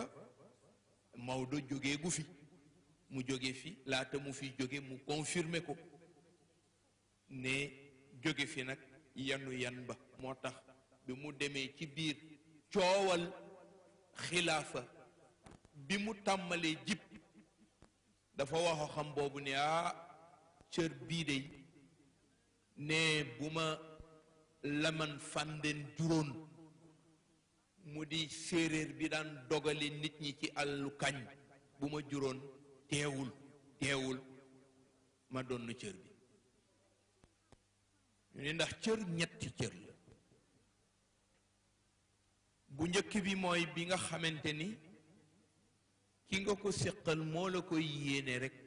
Maodo jógee gu fi mu jóge fi laata mu fi jóge mu confirmer ko ne jóge fi nag yanu yan ba moo tax bi mu demee ci biir coowal xilaafa bi mu tàmbalee jib dafa waxo xam boobu ne ah cër bii de ne bu ma laman fàndeen juróon mu di séeréer bi daan dogale nit ñi ci àllu kañ bu ma juróon teewul teewul ma doon cër bi ñu ne ndax cër ñetti cër la bu njëkk bi mooy bi nga xamante ni ki nga ko séqal moo la koy yéene rekk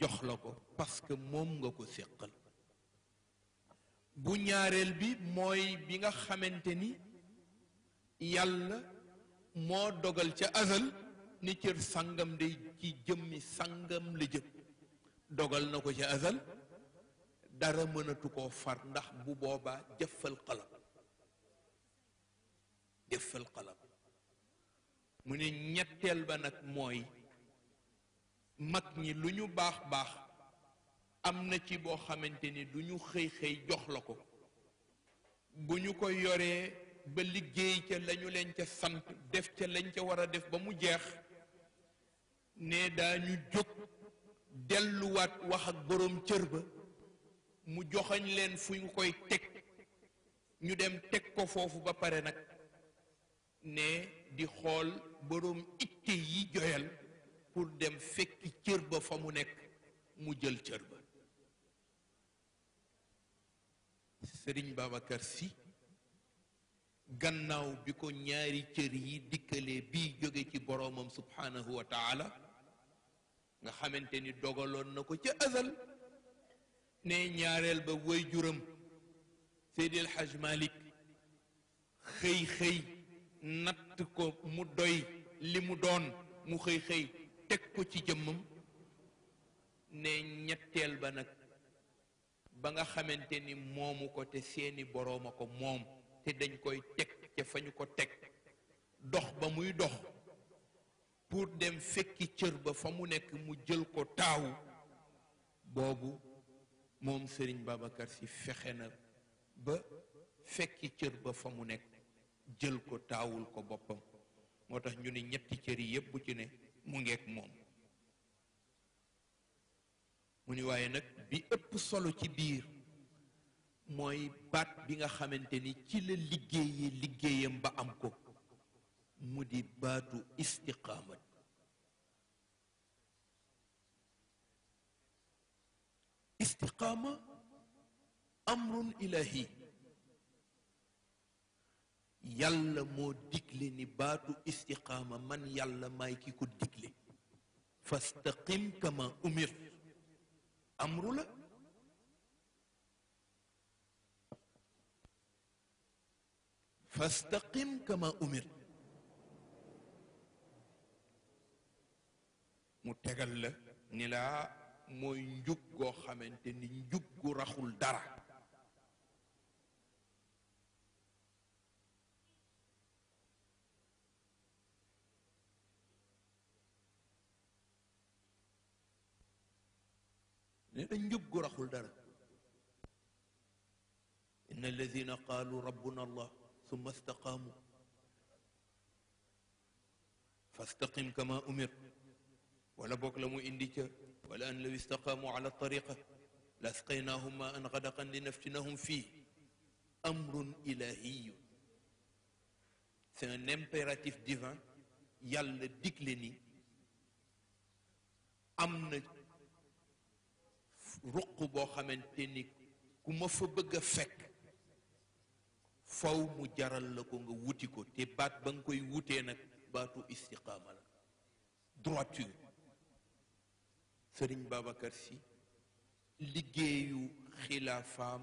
jox la ko parce que moom nga ko séqal bu ñaareel bi mooy bi nga xamante ni yàlla moo dogal ca azal ni cër sàngam day ci jëmmi sàngam la jëm dogal na ko ca azal dara mënatu koo far ndax bu boobaa jëfal xalam def fal qalam mu ne ñetteel ba nag mooy mag ñi lu ñu baax baax am na ci boo xamante ni du ñu xëy xëy jox la ko bu ñu ko yoree ba liggéey ca lañu leen ca sant def ca lañ ca war a def ba mu jeex ne daañu jóg delluwaat wax ak boroom cër ba mu joxañ leen fu ñu koy teg ñu dem teg ko foofu ba pare nag ne di xool boroom itte yi joyal pour dem fekki cër ba fa mu nekk mu jël cër ba Sëriñ Babacar si gannaaw bi ko ñaari cër yi dikkalee bii jóge ci boroomam subhaanahu wa taala nga xamante ni dogaloon na ko ca azal ne ñaareel ba way juram Seydil Hajj Malik xëy xëy natt ko mu doy li mu doon mu xëy-xëy teg ko ci jëmmam ne ñetteel ba nag ba nga xamante ni moomu ko te seeni boroom a ko moom te dañ koy teg ca fa ñu ko teg dox ba muy dox pour dem fekki cër ba fa mu nekk mu jël ko taawu boobu moom sëriñ Babacar Sy fexe na ba fekki cër ba fa mu nekk jël ko taawul ko boppam moo tax ñu ne ñetti cër yi yépp ci ne mu ngeeg moom mu ni waaye nag bi ëpp solo ci biir mooy baat bi nga xamante ni ci la liggéeyi liggéeyam ba am ko mu di baatu istiqaamat istiqaama amrun ilahi yàlla moo digle ni baatu istiqaama man yàlla may ki ko digle fastaqim kama umir amru la fastaqim kama umir mu tegal la ni laa mooy njub goo xamante ni njub raxul dara nee na njub gu raxul dara inna alladina qaalu rabbuna allah summa istaqaamu fastaqim kama umir wala boog la mu indi ca wala an law istaqaamu ala tariqa la asqaynaahum ma an gadaqan li naftinahum fii amrun ilahiyu c'est un impératif divin yàlla digle ni am na ruq boo xamante ni ku ma fa bëgg a fekk fow mu jaral la ko nga wuti ko te baat ba nga koy wutee nag baatu istiqaama la droiture sëriñ Babacar Sy liggéeyu xilaafaam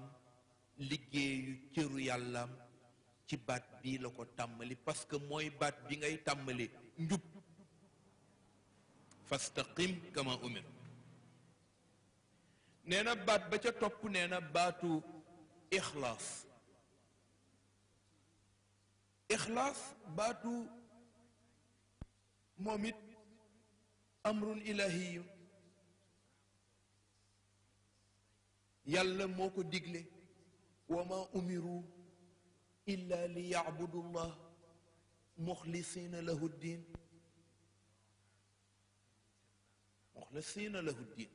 liggéeyu cëru yàllaam ci baat bii la ko tàmbali parce que mooy baat bi ngay tàmmali njub fastaqim kama umir nee na baat ba ca topp nee na baatu ixlaas ixlaas baatu moom it amrun ilahiyun yàlla moo ko digle wa ma umiru illa li yacbudu llah muxlisina lahu ddin muxlisina lahu ddin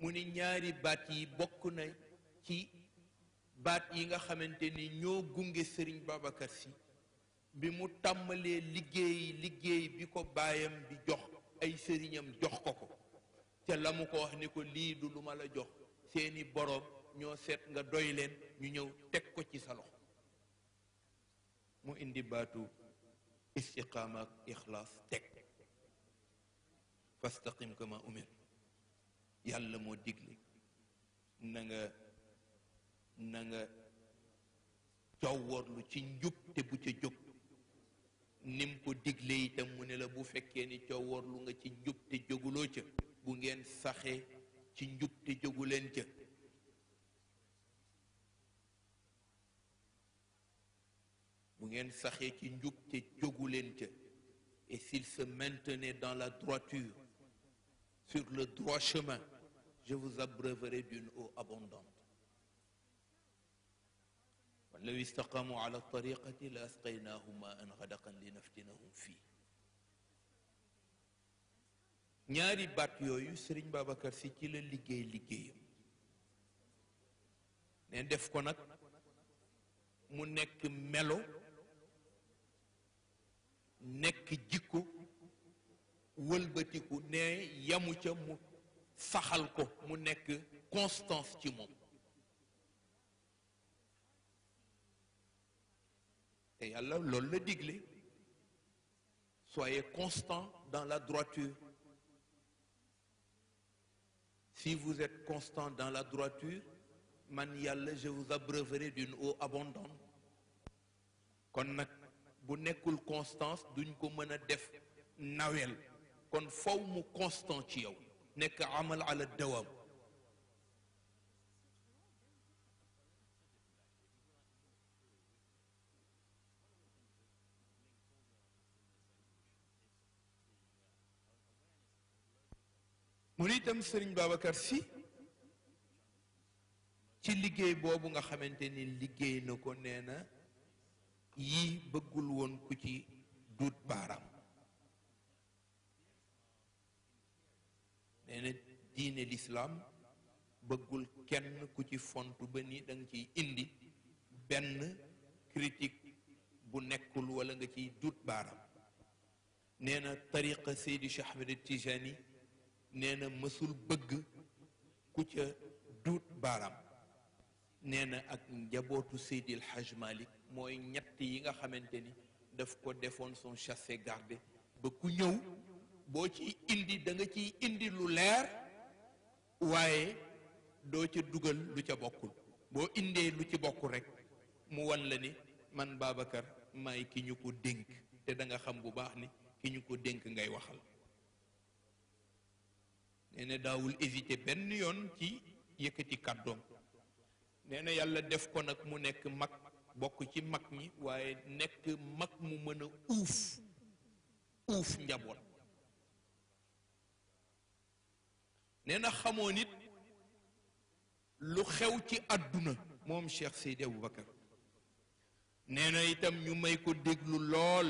mu ne ñaari baat yi bokk na ci baat yi nga xamante ni ñoo gunge sëriñ Babacar Sy bi mu tàmbalee liggéey liggéey bi ko baayam bi jox ay sëriñam jox ko ko te la mu ko wax ni ko lii du lu ma la jox seeni boroom ñoo seet nga doy leen ñu ñëw teg ko ci sa loxo mu indi baatu istiqaama ak ixlaas teg fastaqim kama umir yàlla moo digle na nga na nga ci njub te bu ca jóg nim ko digle itam mu ne la bu fekkee ni cowworlu nga ci njub te jóguloo ca bu ngeen saxe ci njub te jóguleen ca bu ngeen saxee ci njub te jóguleen ca et s'il se maintenait dans la droiture sur le droit chemin je vous abreuverai d'une eau abondante walaw istaqaamu ala tariqati la asqaynaahum maan xadaqan linaftinahum fii ñaari baat yooyu sëriñ Babacar si ci la liggéey liggéeyam ne def ko nag mu nekk melo nekk jikko wëlbatiku ne yamu ca mu saxal ko mu nekk constance ci moom te yàlla loolu la digle soyez constant dans la droiture si vous êtes constant dans la droiture man yàlla je vous abreuverai d'une eau abondante kon nag bu nekkul constance duñ ko mën a def nawel kon faw mu constant ci yow nekk amal ala dawaam mu ni itam sëriñ Babacar si ci liggéey boobu nga xamante ni liggéey na ko nee na yii bëggul woon ku ci duut baaraam nee diine lislaam bëggul kenn ku ci fontu ba ni da ciy indi benn critique bu nekkul wala nga ciy duut baaram nee na tariqa Seydi Cheikh Ahmed Tijani nee na mësul bëgg ku ca duut baaram nee na ak njabootu Seydi El Hadj Malick mooy ñett yi nga xamante ni daf ko defoon son chassé gardé ba ku ñëw boo ci indi danga ciy indi lu leer waaye doo ca dugal lu ca bokkul boo indee lu ci bokkul rekk mu wan la ni man Babacar may ki ñu ko dénk te danga xam bu baax ni ki ñu ko dénk ngay waxal nee na daawul hésité benn yoon ci yëkkati kàddoom nee na yàlla def ko nag mu nekk mag bokk ci mag ñi waaye nekk mag mu mën a uuf uuf njaboot nee na xamoo nit lu xew ci àdduna moom Cheikh Seydi Aboubacar nee itam ñu may ko déglu lool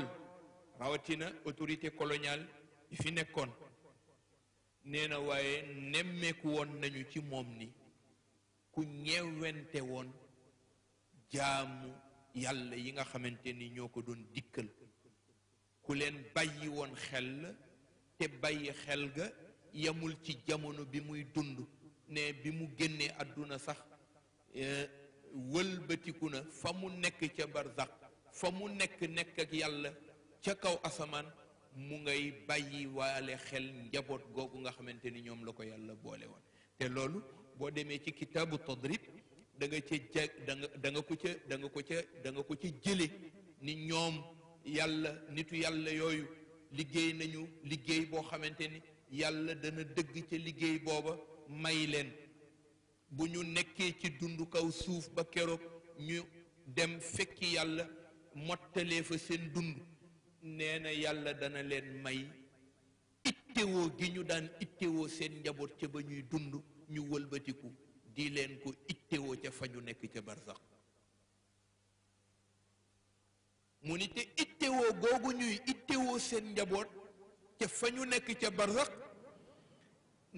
rawatina autorité coloniale yi fi nekkoon nee waaye nemmeeku woon nañu ci moom ni ku ñewente woon jaamu yàlla yi nga xamante ni ñoo ko doon dikkal ku leen bàyyi woon xel te bàyyi xel ga yamul ci jamono bi muy dund ne bi mu génnee àdduna sax e, wëlbatiku na fa mu nekk ca barzax fa mu nekk nekk ak yàlla ca kaw asamaan mu ngay bàyyi waale xel njaboot googu nga xamante ni ñoom la ko yàlla boole woon te loolu boo demee ci kitaabu tadrib da nga ca ja da ko ca da nga ko ca da ko ca jële ni ñoom yàlla nitu yàlla yooyu liggéey nañu liggéey boo xamante ni yàlla dana dëgg ca liggéey booba may leen bu ñu nekkee ci dund kaw suuf ba keroog ñu dem fekki yàlla mottalee fa seen dund nee na yàlla dana leen may ittewoo gi ñu daan ittewoo seen njaboot ca ba ñuy dund ñu wëlbatiku di leen ko ittewoo ca fa ñu nekk ca barsax mu ni te ittewoo googu ñuy ittewoo seen njaboot ca fa ñu nekk ca barzak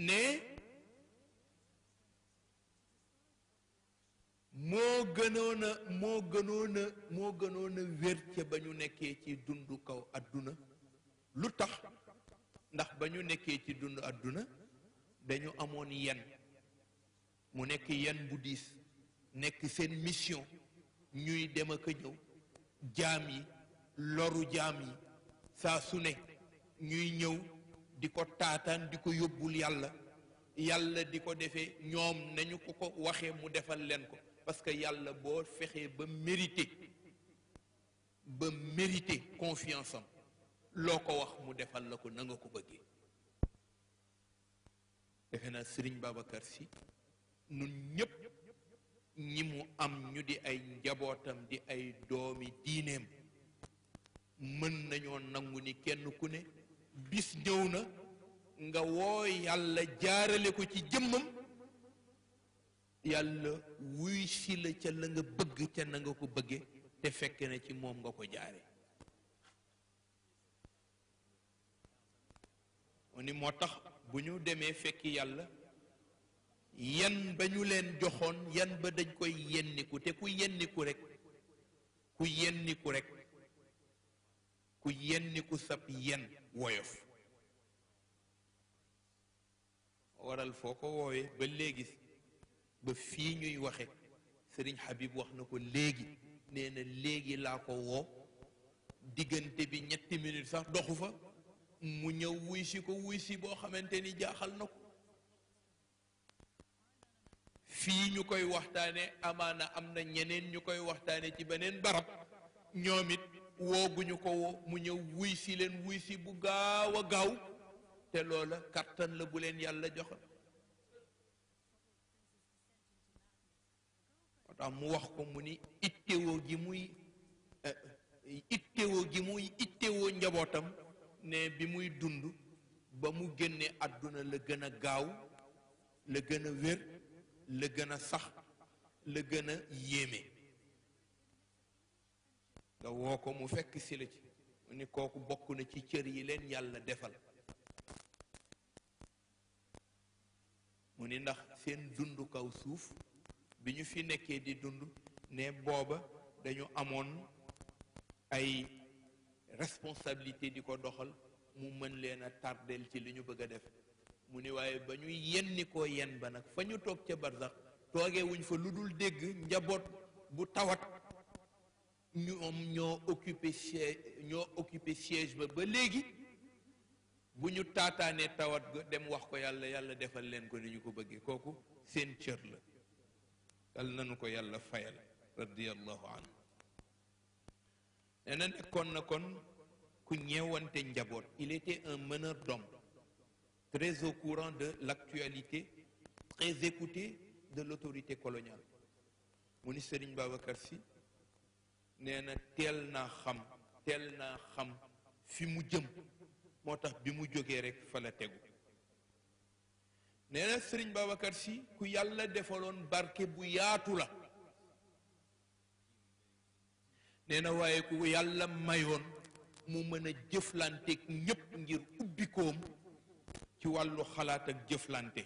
ne moo gënoona a moo gënoon wér ca ba ñu nekkee ci dundu kaw adduna lu tax ndax ba ñu nekkee ci dund adduna dañu amoon yen mu nekk yan bu diis nekk seen mission ñuy dem ak ñëw jaam yi loru jaam yi saa su ne ñuy ñëw di ko taataan di ko yóbbul yàlla yàlla di ko defe ñoom nañu ko ko waxee mu defal leen ko parce que yàlla boo fexee ba mérité ba mérité confiance loo ko wax mu defal la ko na nga ko bëggee defe naa sëriñ Babacar nun ñépp ñi mu am ñu di ay njabootam di ay doomi diineem mën nañoo nangu ni kenn ku ne bis ñëw na nga woo yàlla jaarale ko ci jëmmam yàlla wuy si la ca la nga bëgg ca na ko bëgge te fekk na ci moom nga ko jaare ni moo tax bu ñu demee fekki yàlla yan ba ñu leen joxoon yan ba dañ koy yenniku te ku yenniku rek ku yenniku ku yenniku sab yen woyof waral foo ko woowee ba léegi ba fii ñuy waxe sëriñ Habib wax na ko léegi nee léegi laa ko woo diggante bi ñetti minute sax doxu fa mu ñëw wuy ko wuy si boo xamante ni jaaxal na ko fii ñu koy waxtaane amaana am na ñeneen ñu koy waxtaane ci beneen barab ñoom it woo gu ñu ko mu ñëw wuy si leen wuy si bu gaaw a gaaw te loola kattan la bu leen yàlla joxal moo tax mu wax ko mu ni ittewoo gi muy eh, ittewoo gi njabootam ne bi muy dund ba mu génne àdduna la gën a gaaw la gën a wér la gën a sax la gën a yéeme nga woo ko mu fekk si la mu ni kooku bokk na ci cër yi leen yàlla defal mu ni ndax seen dund kaw suuf bi ñu fi nekkee di dund ne booba dañu amoon ay responsabilité di ko doxal mu mën leen a tardeel ci li ñu bëgg a def mu ni waaye ba yenn yenni koo yen ba nag fa ñu toog ca barsax toogee wuñ fa lu dul dégg njaboot bu tawat ñoom ñoo occupé siège ñoo occupé siège ba ba léegi bu ñu taataanee tawat ga dem wax ko yàlla yàlla defal leen ko ni ñu ko bëggee kooku seen cër la yal nañu ko yàlla fayal radiallahu anhu nee nekkoon na kon ku ñeewante njaboot il était un meneur d'hommes très au courant de l'actualité très écouté de l'autorité coloniale mu ni Sëriñ Babacar neena na teel naa xam teel naa xam fi mu jëm moo tax bi mu jógee rekk fa la tegu nee na sëriñ Babacar si ku yàlla defaloon barke bu yaatu la nee na waaye ku yàlla mayoon mu mën a jëflanteek ñépp ngir ubbikoom ci wàllu xalaat ak jëflante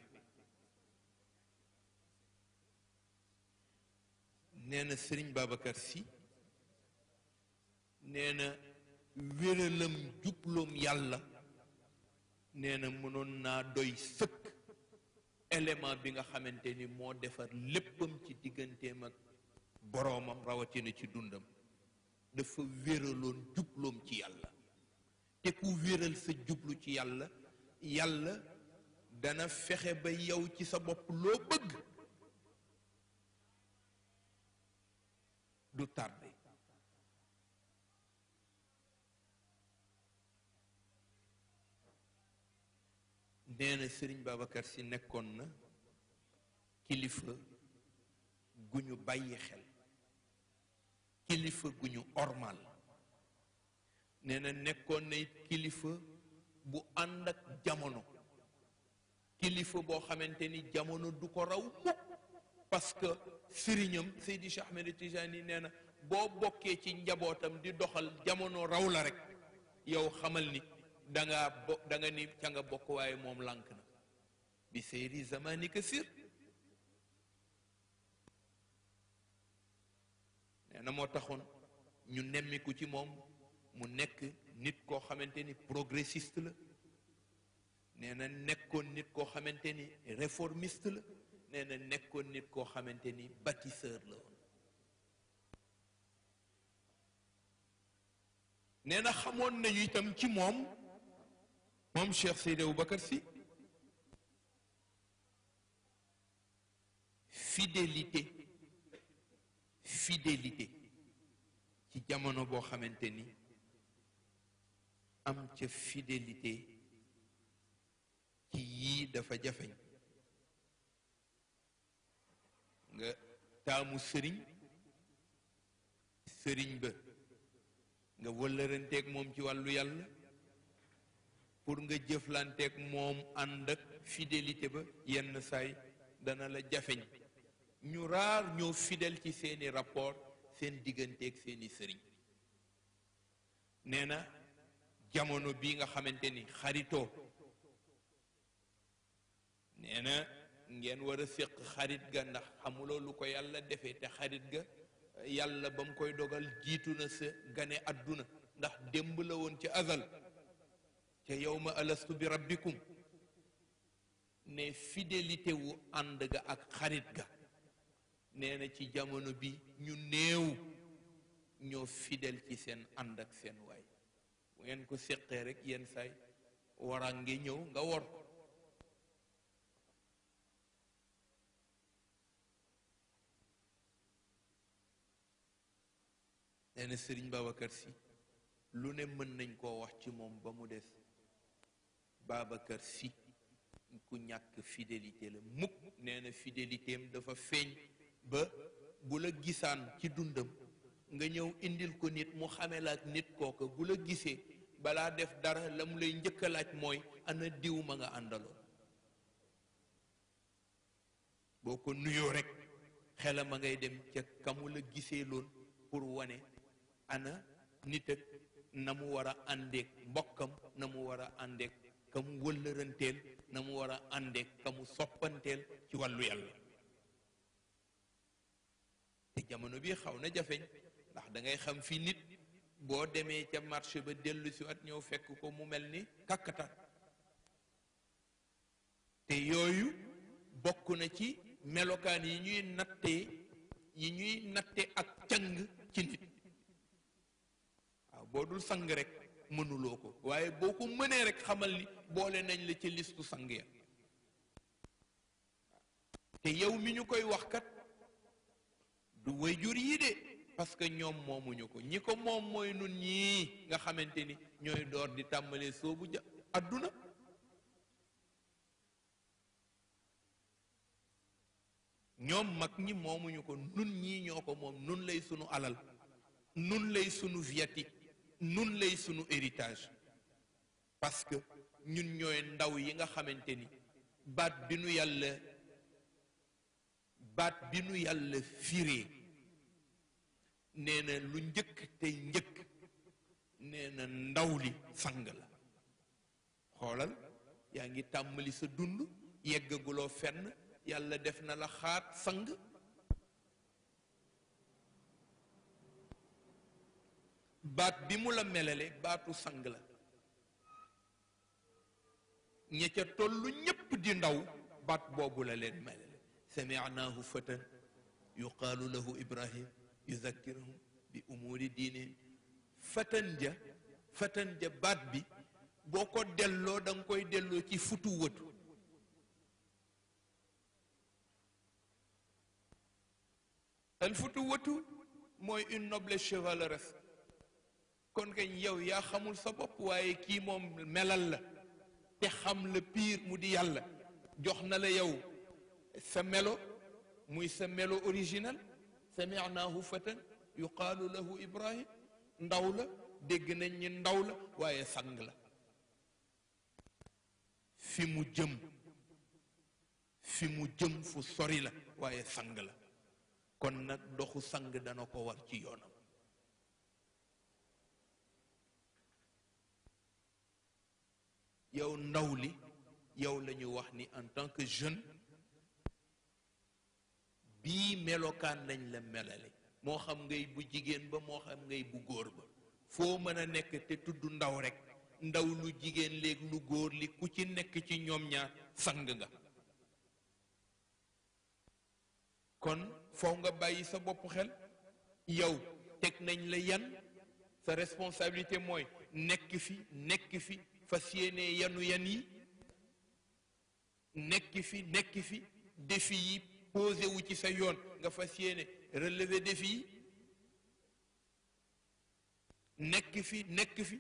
nee na sëriñ Babacar si nee na wéralam jubloom yàlla nee na mënoon naa doy sëkk élément bi nga xamante ni moo defar léppam ci digganteem ak boroomam rawatina ci dundam dafa wéraloon jubloom ci yàlla te ku wéral sa jublu ci yàlla yàlla dana fexe ba yow ci sa bopp loo bëgg du tardé nee na sëriñ Babacar si nekkoon na kilifa gu ñu bàyyi xel kilifa gu ñu ormal nee na nekkoon na it kilifa bu ànd ak jamono kilifa boo xamante ni jamono du ko raw mukk parce que sëriñam Seydi Cheikh Ahmed Tijani nee na boo bokkee ci njabootam di doxal jamono raw la rek yow xamal ni danga bo ni ca nga bokk waaye moom lànk na bi seyri zamani kasir nee na moo taxoon ñu nemmiku ci moom mu nekk nit koo xamante ni progressiste la nee na nekkoon nit koo xamante ni réformiste la nee na nekkoon nit koo xamante ni bâtisseur la na xamoon nañu itam ci moom moom Cheikh Seydi Aboubacar si fidélité fidélité ci jamono boo xamante ni am ca fidélité ci yii dafa jafeñ nga taamu sëriñ sëriñ ba nga wëllëranteeg moom ci wàllu yàlla pour nga jëflanteeg moom ànd ak fidélité ba yenn saay dana la jafeñ ñu raar ñoo fidèle ci seeni rapport seen digganteeg seeni sëriñ nee na jamono bii nga xamante ni xaritoo nee ngeen war a séq xarit ga ndax xamuloo lu ko yàlla defee te xarit ga yàlla ba mu koy dogal jiitu na sa gane àdduna ndax démb la woon ci azal ca yow ma alastu bi rabbikum ne fidélité wu ànd ga ak xarit ga nee ci jamono bi ñu néew ñoo fidèle ci seen ànd ak seen waay bu ngeen ko séqee rek yenn saay waraa ngi ñëw nga wor ko nee na sëriñ Si lu ne mën nañ koo wax ci moom ba mu des Babacar si ku ñàkk fidélité la mukk nee na fidélité am dafa feeñ ba bu la gisaan ci dundam nga ñëw indil ko nit mu xame nit kooka bu la gisee balaa def dara la mu lay njëkk laaj mooy ana diw ma nga àndaloon boo ko nuyoo rekk xelam a ngay dem ca kamula gisee loon pour wone ana nit ak na mu war àndeek mbokkam na mu war a àndeek ka mu wëllëranteel na mu war a àndeek ka mu soppanteel ci wàllu yàlla te jamono bii xaw na jafeñ ndax dangay xam fi nit boo demee ca marché ba dellu si ñëw fekk ko mu mel ni kàkkatar te yooyu bokk na ci melokaan yi ñuy nattee yi ñuy natte ak càng ci nit waaw boo dul sang rek mënuloo ko waaye boo ko mënee rek xamal ni boole nañ la ci listu sang ya te yow mi ñu koy wax kat du wayjur yi de parce que ñoom moomuñu ko ñi ko moom mooy nun ñii nga xamante ni ñooy door di tàmbalee soobu ja àdduna ñoom mag ñi moomuñu ko ñii ñoo ko moom nun lay sunu alal nun lay sunu viatique nun lay sunu héritage parce que ñun ñooy ndaw yi nga xamante ni baat bi nu yàlla baat bi nu yàlla firee nee na lu njëkk tey njëkk nee na ndaw li sang la xoolal yaa ngi tàmbali sa dund yeggaguloo fenn yàlla def na la xaat sang baat bi mu la melale baatu sang la ña ca tollu ñépp di ndaw baat boobu la leen melale sami'naahu fatan yuqaalu lahu ibrahim yuzakkirahum bi umuuri diinihim fatan ja fatan ja baat bi boo ko delloo da koy delloo ci futu wëtu al futu wëtu mooy une noblesse chevaleresque kon kañ yow yaa xamul sa bopp waaye kii moom melal la te xam la piir mu di yàlla jox na la yow sa melo muy sa melo original sami'naahu fatan yuqaalu lahu ibrahim ndaw la dégg nañ ñi ndaw la waaye sang la fi mu jëm fi mu jëm fu sori la waaye sang la kon nag doxu sang dana ko war ci yoonam yow ndaw li yow la wax ni en tant que jeune bii melokaan lañ la melale moo xam ngay bu jigéen ba moo xam ngay bu góor ba foo mën a nekk te tudd ndaw rek ndaw lu jigéen léeg lu góor li ku ci nekk ci ñoom ñaar sang nga kon foo nga bàyyi sa bopp xel yow teg nañ la yan sa responsabilité mooy nekk fi nekk fi fas yéene yanu yan yi nekk fi nekk fi défi yi posé ci sa yoon nga fas yéene relever défi yi nekk fi nekk fi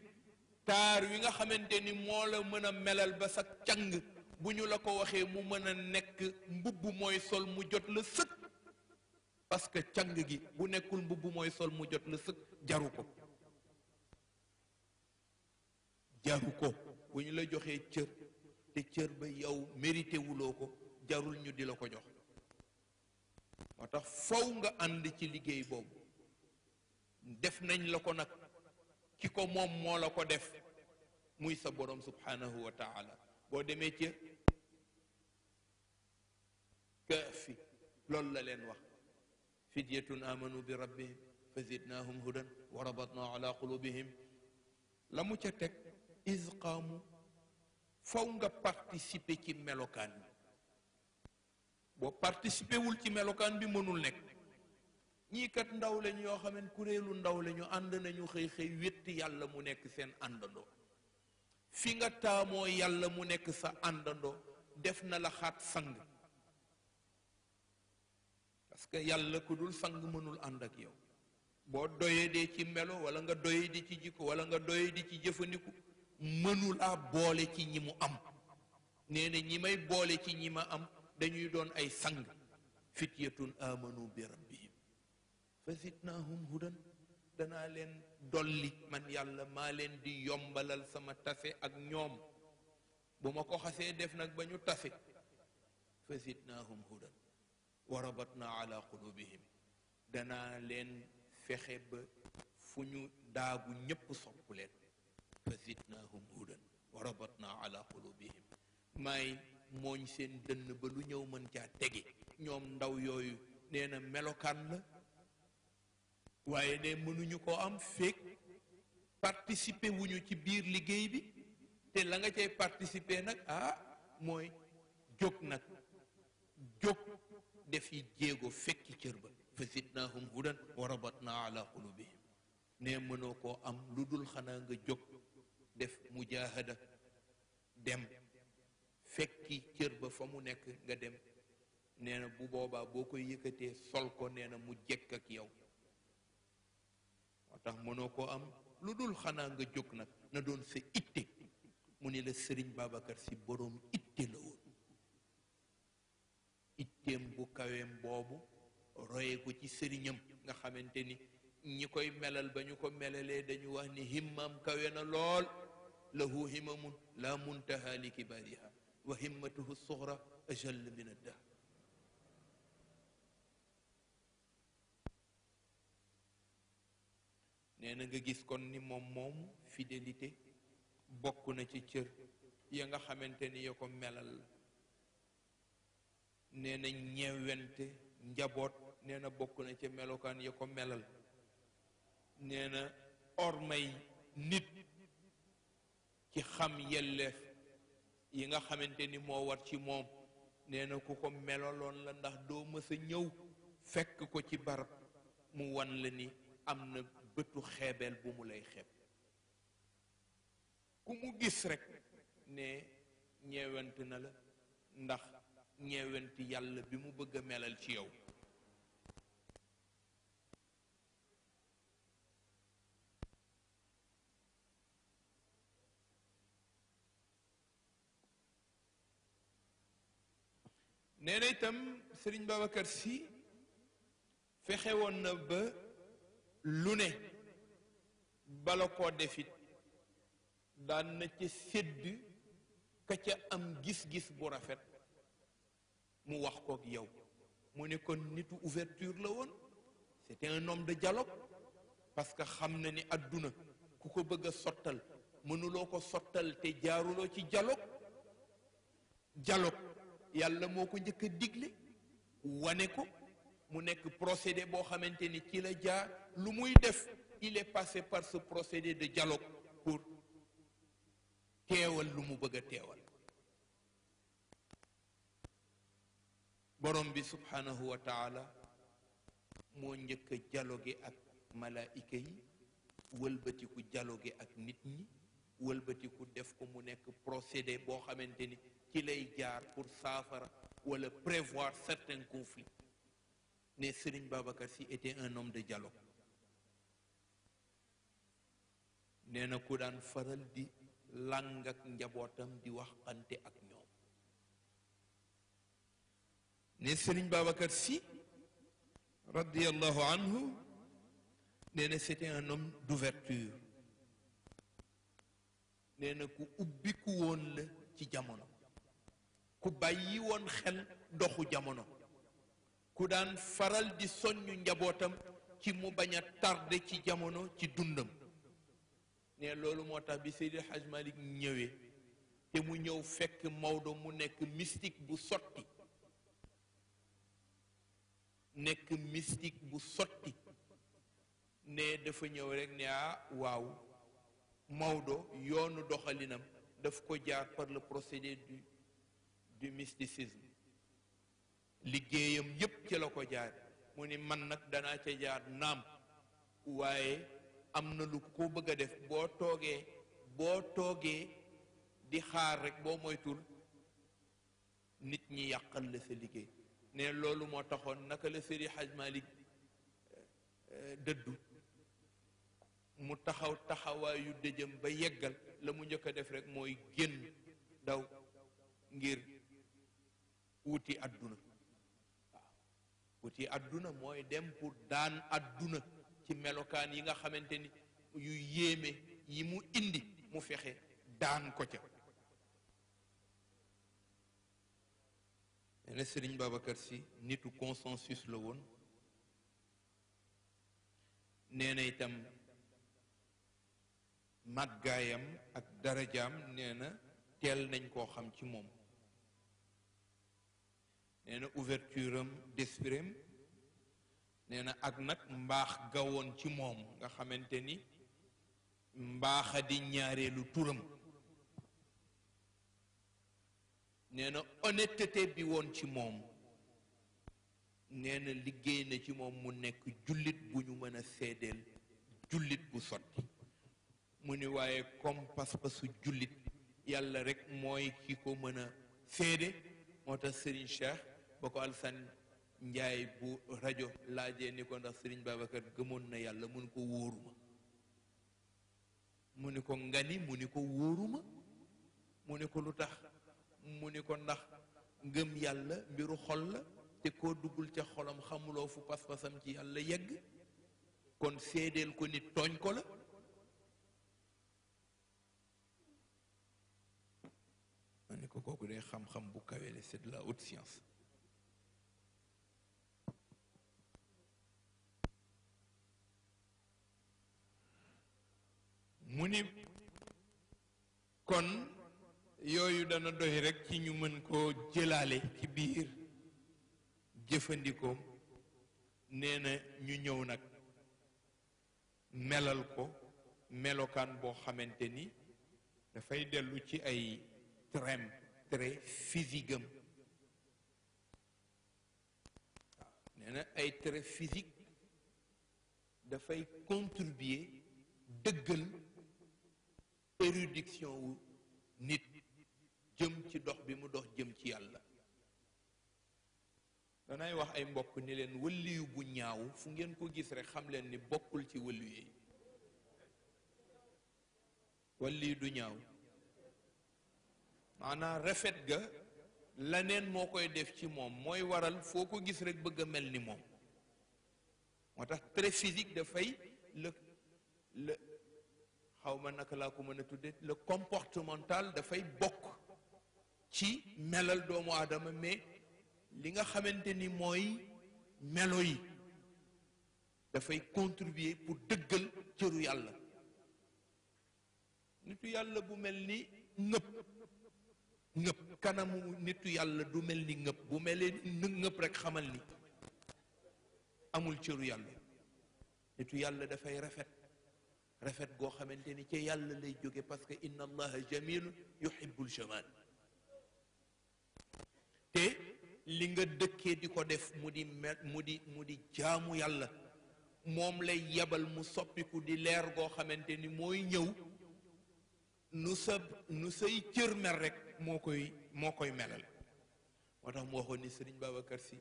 taar wi nga xamante ni moo la mën a melal ba sa càng bu ñu la ko waxee mu mën a nekk mbubb mooy sol mu jot la sëkk parce que càng gi bu nekkul mbubb mooy sol mu jot la sëkk jaru ko jaru ko bu ñu la joxe cër te cër ba yow mérité ko jarul ñu di la ko jox moo tax faw nga ànd ci liggéey boobu def nañ la ko nag ki ko moom moo la ko def muy sa borom subhanahu wa taala boo demee ci kaafi loolu la leen wax fidyatun amanu bi rabbihim fa zidnahum hudan wa rabatna ala qulubihim la mu ca teg isqaamu fow nga participer ci melokaan bi boo participer ci melokaan bi mënul nekk ñiikat ndaw lañ yoo xam ne kuréelu ndaw lañu ànd nañu xëy xëy wétti yàlla mu nekk seen àndandoo fi nga taamoo yàlla mu nekk sa àndandoo def na la xaat sang parce que yàlla ku dul sang mënul ànd ak yow boo doyee dee ci melo wala nga doyee di ci jikko wala nga doyee di ci jëfandiku mënul a boole ci ñi mu am nee na ñi may boole ci ñi ma am dañuy doon ay sang fityatun amanu bi rabbihim fa zidnaahum hudan danaa leen dolli man yàlla maa leen di yombalal sama tase ak ñoom bu ma ko xasee def nag ba ñu tase fa zidnaahum hudan wa rabatna ala qulubihim dana leen fexe ba fu ñu daagu ñépp sopp naa فزدناهم هدى وربطنا على قلوبهم may mooñ seen dënn ba lu ñëw mën caa tege ñoom ndaw yooyu nee na melokaan la waaye ne mënuñu koo am fekk participer ci biir liggéey bi te la nga cay participer nag ah mooy jóg nag jóg def yi jéego fekki cër ba fa zidnaahum hudan wa rabatna bi qulubihim ne mënoo koo am lu dul xanaa nga jóg def mujaahada dem fekki cër ba fa mu nekk nga dem nee na bu boobaa boo koy yëkkatee sol ko nee na mu jekk ak yow moo tax mënoo ko am lu dul xanaa nga jóg nag na doon sa itte mu ni la sëriñ Babacar si boroom itte la woon itteem bu kaweem boobu royee ko ci sëriñam nga xamante ni ñi koy melal ba ñu ko melalee dañu wax ni himmam kawe na lool lahu himamun la muntaha li wa himmatuhu suxra ajal min nee na nga gis kon ni moom moom fidélité bokk na ci cër ya nga xamante ni ya ko melal la nee na ñewente njaboot nee na bokk na ci melokaan ya ko melal nee na ormay ci xam yelleef yi nga xamante ni moo war ci moom nee na ku ko meloloon la ndax doo mës a ñëw fekk ko ci barab mu wan la ni am na bëtu xeebeel bu mu lay xeeb ku mu gis rekk ne ñeewent na la ndax ñeewent yàlla bi mu bëgg melal ci yow nee na itam sëriñ Babacar Sy fexe woon na ba lu ne bala koo defit daan na ca sédd ka ca am gis-gis bu rafet mu wax kook yow mu ne kon nitu ouverture la woon c'était un homme de dialogue parce que xam na ni àdduna ku ko bëgg a sottal mënuloo ko sottal te jaaruloo ci dialogue dialogue yàlla moo ko njëkk a digle wane ko mu nekk procédé boo xamante ni ci la jaar lu muy def il est passé par ce procédé de dialogue pour teewal lu mu bëgg a teewal borom bi subhanahu wa taala moo njëkk a dialogué ak malaayika yi wëlbatiku dialogué ak nit ñi wëlbatiku def ko mu nekk procédé boo xamante ni ci lay jaar pour saafara wala prévoir certains conflits ne Serigne Babacar Sy était un homme de dialogue nee ku daan faral di làng ak njabootam di waxante ak ñoom ne Serigne Babacar Sy radiallahu anhu nee na c'était un homme d'ouverture nee ku ubbiku woon la ci jamono ku bàyyi woon xel doxu jamono ku daan faral di soññ njabootam ci mu bañ a tardé ci jamono ci dundam ne loolu moo tax bi Seydil Hadj Malick ñëwee te mu ñëw fekk Maodo mu nekk mystique bu sotti ne dafa ñëw rek ne ah waaw Maodo yoonu doxalinam daf ko jaar par le procédé du mysticisme liggéeyam yépp ci la ko jaar mu ni man nag danaa ca jaar naam waaye am na lu ko bëgg a def boo toogee boo toogee di xaar rek boo moytul nit ñi yàqal la sa liggéey ne loolu moo taxoon naka la Seydi Haj Malik eh, eh, dëddu mu taxaw taxawaayu dëjëm ba yeggal la mu njëkk def rek mooy génn daw ngir wuti àdduna wuti adduna mooy dem pour daan adduna ci melokaan yi nga xamante ni yu yéeme yi mu indi mu fexe daan ko ca nee na Sëriñ Babacar Si nitu consensus la woon nee na itam màggaayam ak darajaam nee na teel nañ koo xam ci moom nee na ouverture am d'esprit am na ak nag mbaax gawoon ci moom nga xamante ni mbaaxa di ñaareelu turam nee na honnêteté bi woon ci moom nee na liggéey na ci moom mu nekk jullit bu ñu mën a seedeel jullit bu sotti mu ni waaye comme pasu jullit yàlla rek mooy ki ko mën a seede moo tax Serigne Cheikh ba ko alsan njaay bu rajo laajee ni ko ndax sëriñ Babacar gëmoon na yàlla mu ni ko wóoruma mu ni ko ngani mu ni ko wóoruma mu ni ko lu tax mu ni ko ndax ngëm yàlla mbiru xol la te koo duggul ca xolam xamuloo fu pas-pasam ci yàlla yegg kon seedeel ko nit tooñ ko la ma ni ko kooku dee xam-xam bu kawe la c'est de la haute science mu ni kon yooyu dana doy rekk ci ñu mën koo jëlaale ci biir jëfandikoom nee na ñu ñëw nag melal ko melokaan boo xamante ni dafay dellu ci ay trem très physique am ay trait physique dafay contribuer dëggal érudition wu nit jëm ci dox bi mu dox jëm ci yàlla danay wax ay mbokk ni leen wëlliyu bu ñaaw fu ngeen ko gis rek xam leen ni bokkul ci wëlliyu yi wëlliyu du ñaaw maanaa rafet ga laneen moo koy def ci moom mooy waral foo ko gis rek bëgg a mel ni moom moo tax très physique dafay la la xaw man naka laa ko mën a tudde la comportemental dafay bokk ci melal doomu aadama mais li nga xamante ni mooy melo yi dafay contribuer pour dëggal cëru yàlla nitu yàlla bu mel ni ngëpp ngëpp kanamu nitu yàlla du mel ni ngëpp bu melee ngëpp rek xamal ni amul cëru yàlla nitu yàlla dafay rafet rafet goo xamante ni ca yàlla lay jóge parce que inna allaha jamilun yuhibbul jamal te li nga dëkkee di ko def mu di mu di mu di jaamu yàlla moom lay yebal mu soppiku di leer goo xamante ni mooy ñëw nu sa nu say cër mel rek moo koy moo koy melal moo tax mu waxoon ni sëriñ kër Si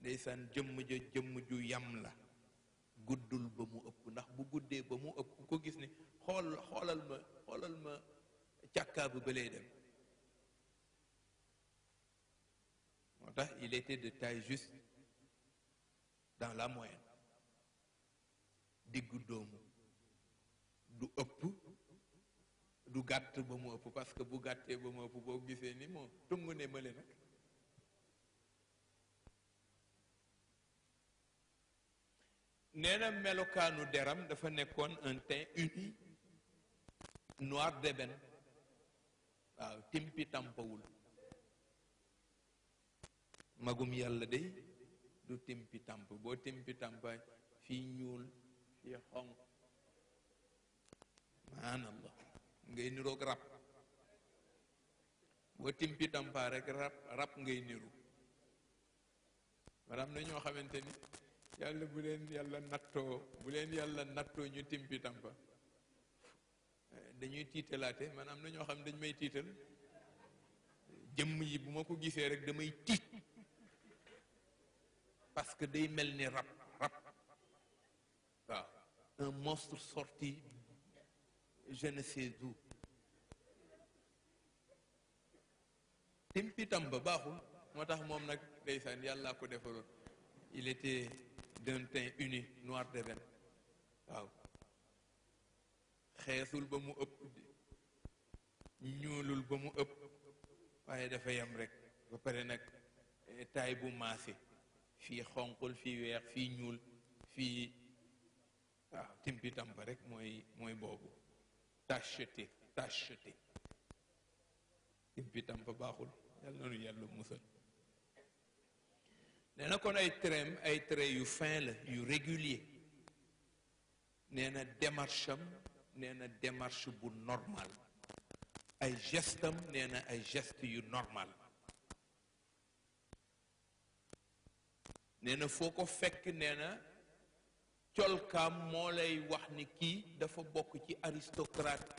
ndeysaan jëmm ja jëm ju yam la guddul ba mu ëpp ndax bu guddee ba mu ëpp ko gis ni xool xoolal ma xoolal ma càkkaa bu balee dem moo tax il était de taille juste dans la moyenne di doomu du ëpp du gàtt ba mu ëpp parce que bu gàttee ba mu ëpp boo gisee ni moo tungu ne mële nag nee melokaanu deram dafa nekkoon un teint uni noir d'ébène waaw timpi tàmpawul magum yàlla day du timpi tàmp boo timpi tàmpa fii ñuul fii xonq maanallah ngay niroog rab boo timpi tàmpa rek rab rab ngay niru maanaam na ñoo xamante ni yàlla bu leen yàlla nattoo bu leen yàlla nattoo ñu timpi tampa dañuy tiitalaate man am na ñoo xam dañ may tiital jëmm yi bu ma ko gisee rek damay tiit parce que day mel ni rab rab waaw un monstre sorti je sais d'où timpi tamba baaxul moo tax moom nag ndeysaan yàllaa ko defaloon il était d'un uni noir de veine waaw xeesul ba mu ëpp ñuulul ba mu ëpp waaye dafa yam rek ba pare nag eh, taay bu maase fii xonqul fii weex fii ñuul fii waaw timpi tampa rek mooy mooy boobu tacheté tacheté timpi tampa baaxul yàlla na nu yàlla musal nee na kon ay traits ay traits yu fin la yu régulier nee na démarche nee na démarche bu normal ay gestam am nee na ay geste yu normal nee na foo ko fekk nee na colkaam moo lay wax ni kii dafa bokk ci aristocrate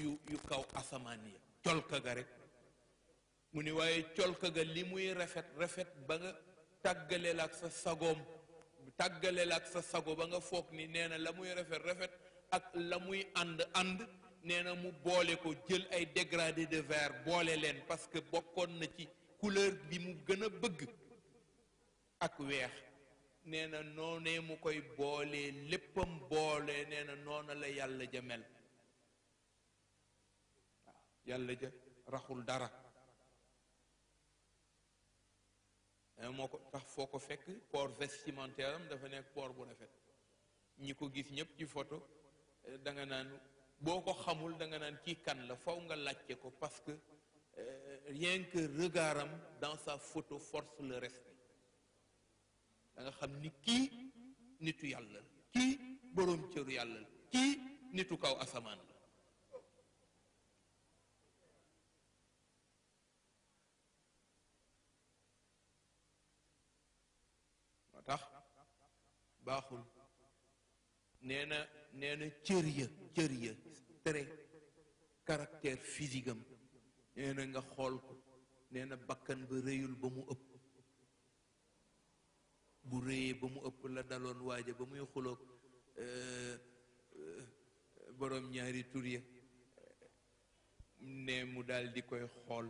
yu yu kaw asamaan ya colka ga rek mu ni waaye colka ga li muy rafet rafet ba nga tàggaleel ak sa sagoom tàggaleel ak sa sago ba nga foog ni nee na la muy rafet rafet ak la muy ànd ànd nee na mu boole ko jël ay dégradé de vert boole leen parce que bokkoon na ci couleur bi mu gën a bëgg ak weex nee na noonee mu koy boolee léppam boole nee na noona la yàlla ja mel yàlla ja raxul dara Eh, moo ko tax foo ko fekk port vestimentaire am dafa nekk por bu rafet ñi ko gis ñëpp ci photo eh, da nga naan boo ko xamul danga naan kii kan la fow nga laajte ko parce que eh, rien que regard am dans sa photo force le respect da xam ni kii nitu yàlla la kii boroom cëru yàlla la kii nitu kaw asamaan baaxul nee na nee na cër ya cër ya trait caractère physique nee na nga xool ko nee na bakkan ba rëyul ba mu ëpp bu rëyee ba mu ëpp la daloon waaja ba muy xuloog euh, euh, boroom ñaari tur ya ne mu daal di koy xool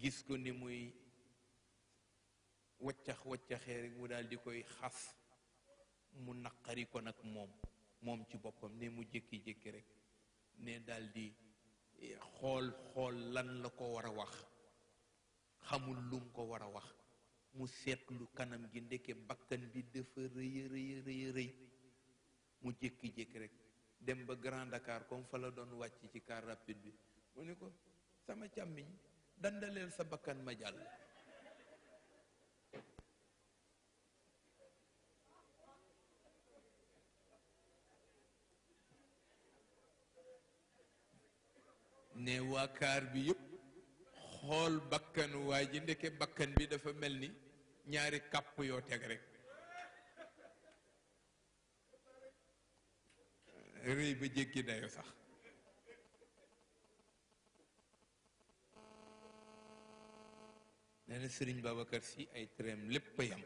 gis ko ni muy waccax waccaxee rek mu daal di koy xas mu naqari ko nag moom moom ci boppam ne mu jékki-jékki rek ne daldi eh, xool xool lan la ko war a wax xamul lum ko war a wax mu seetlu kanam gi ndeke bakkan bi dafa rëy rëy rëy mu jëkki jékki rek dem ba Grand Dakar comme fa la doon wàcc ci car rapide bi mu ne ko sama càmmiñ dandaleel sa bakkan ma jàll ne waakaar bi yépp xool bakkan waa ji ndeke bakkan bi dafa mel ni ñaari kàpp yoo teg rek rëy ba jéggi dayo sax nee sëriñ Babacar si ay tërëm lépp yam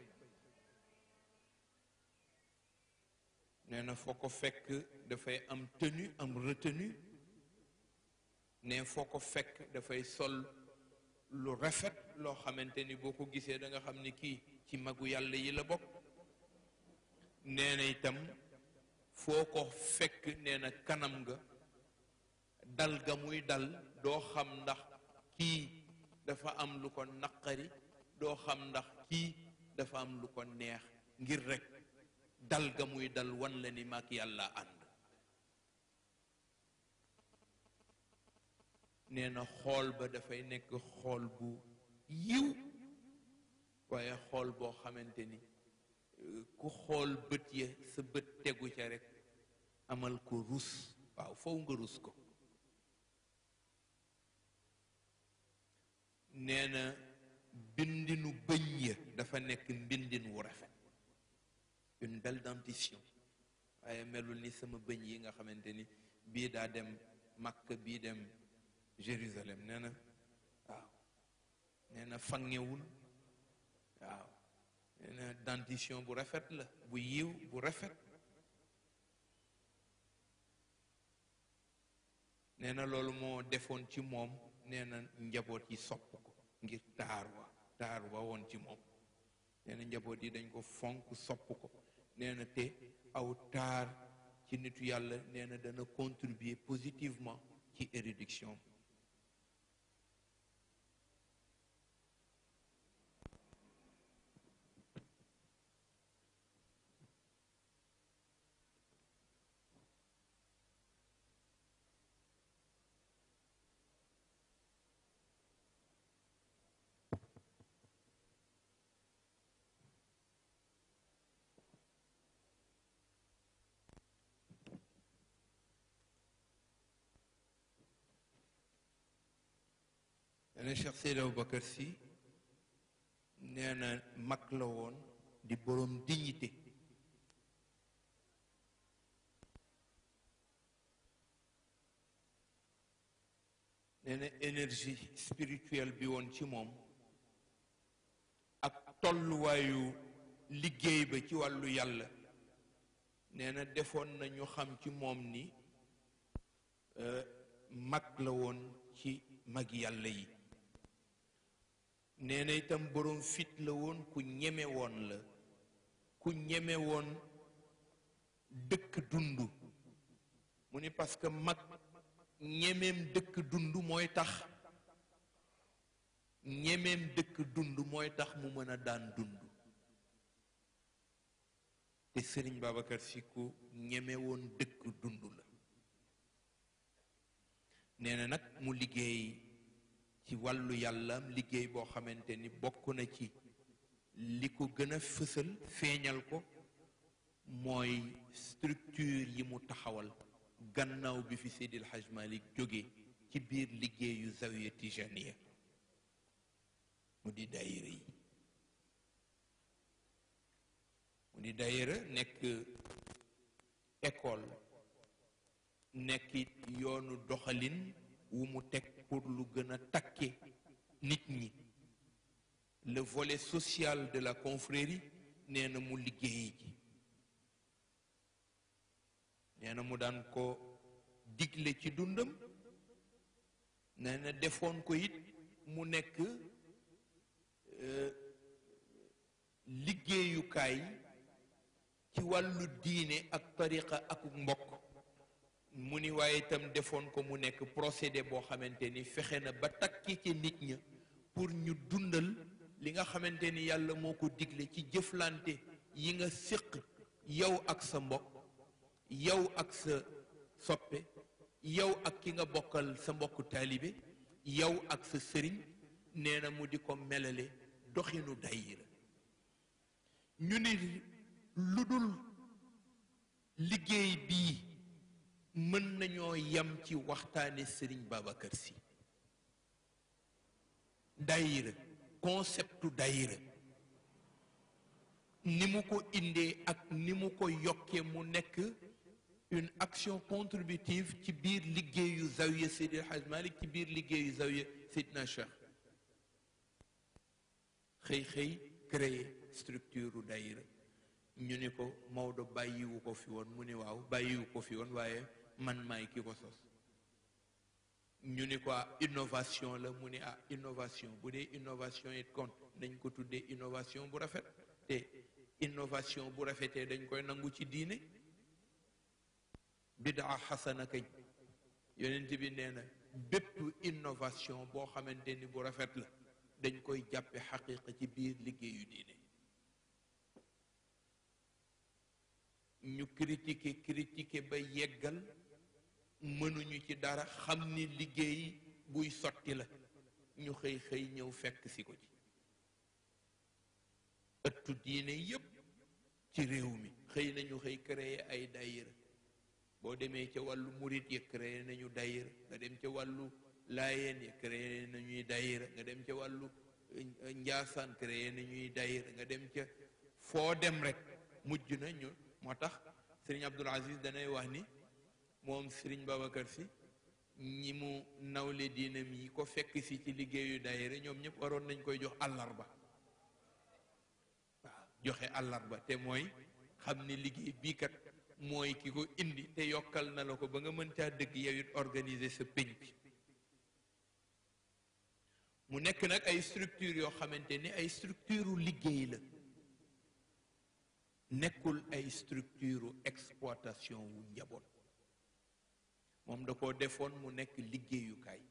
nee foo ko fekk dafay am tenue am retenue ne foo ko fekk dafay sol lu rafet loo xamante ni boo ko gisee danga xam ni kii ci magu yàlla yi la bokk nee na itam foo ko fekk nee na kanam ga dal ga muy dal doo xam ndax kii dafa am lu ko naqari doo xam ndax kii dafa am lu ko neex ngir rekk dal ga muy dal wan la ni mag yàlla ànd nee na xool ba dafay nekk xool bu yiw waaye xool boo xamante ni eh, ku xool bët ya sa bët tegu ca rekk amal ko rus waaw faw nga rus ko nee na mbindinu bëñ ya dafa nekk mbindin wu rafet une belle dentition waaye melul ni sama bëñ yi nga xamante ni bii daa dem màkk bii dem Jérusalem nee na waaw nee na fangewul waaw nee na dentition bu rafet la bu yiw bu rafet nee na loolu moo defoon ci moom nee na njaboot yi sopp ko ngir taar wa taar wa woon ci moom nee njaboot yi dañ ko fonk sopp ko neena te aw taar ci nitu yàlla nee na dana contribuer positivement ci érédiction dana Cheikh Seydi Aboubacar Sy nee mag la woon di boroom dignité nee na spirituelle bi woon ci moom ak tolluwaayu liggéey ba ci wàllu yàlla nee na defoon na ñu xam ci moom ni euh, mag la woon ci mag yàlla yi nee na itam boroom fit la woon ku ñemewoon la ku ñemewoon dëkk dund mu ni parce que mag ñemeem dëkk dund mooy tax mu mën a daan dund te sëriñ Babacar Sy ku ñeme dëkk dund la nee na nag mu liggéey ci wàllu yàlla liggéey boo xamante ni bokk na ci li ko gën a fësal feeñal ko mooy structure yi mu taxawal gannaaw bi fi Seydil Hadj jóge ci biir liggéeyu zawiya tijaniya mu di daayira yi mu di daayira nekk école nekk yoonu doxalin wu mu teg pour lu gën a takke nit ñi le volet social de la confrérie nee na mu liggéeyi ji nee na mu daan ko digle ci dundam nee defoon ko it mu nekk euh, liggéeyukaay ci wàllu diine ak tariqa ak mbokk mu ni waaye itam defoon ko mu nekk procédé boo xamante ni fexe na ba takki ci nit ña pour ñu dundal li nga xamante ni yàlla moo ko digle ci jëflante yi nga séq yow ak sa mbokk yow ak sa soppe yow ak ki nga bokkal sa mbokku taalibe yow ak sa sëriñ nee na mu di ko melale doxinu dayira ñu ni lu dul liggéey bii mën nañoo yam ci waxtaane Serigne Babacar si dayira conceptu dayira ni mu ko indee ak ni mu ko yokkee mu nekk une action contributive ci biir liggéeyu zawiya Seydi El Hadj Malick ci biir liggéeyu zawiya Seydina Cheikh xëy xëy créer structure u dayira ñu ni ko Maodo bàyyiwu ko fi woon mu ni waaw bàyyiwu ko fi woon waaye man maay ki ko sos ñu ni ko ah, innovation la mu ne ah innovation bu dee innovation it kon nañ ko tuddee innovation bu rafet te innovation bu rafetee dañ koy nangu ci diine bidaa xasana kañ yonent bi nee na bépp innovation boo xamante ni bu rafet la dañ koy jàppe xaqiqa ci biir liggéeyu diine ñu critiquer critiquer ba yeggal mënuñu ci dara xam ni liggéey buy sotti la ñu xëy xëy ñëw fekk si ko ci ëttu diine yépp ci réew mi xëy nañu xëy créer ay daayira boo demee ca wàllu murit ya créer nañu daayira nga dem ca wàllu laayeen ya créer nañuy daayira nga dem ca wàllu eh, njaasaan créer nañuy daayira nga dem ca foo dem rekk mujj nañu moo tax Sëriñ Abdul Aziz danay wax ni moom Serigne Babacar si ñi mu nawle diinam yi ko fekk si ci liggéeyu rek ñoom ñëpp waroon nañ koy jox àllarba waaw joxe àllarba te mooy xam ne liggéey bii kat mooy ki ko indi te yokkal na la ko ba nga mën caa dëgg yow it organiser sa bi mu nekk nag ay structure yoo xamante ni ay structure liggéey la nekkul ay structure exploitation wu njaboot moom da koo defoon mu nekk liggéeyukaay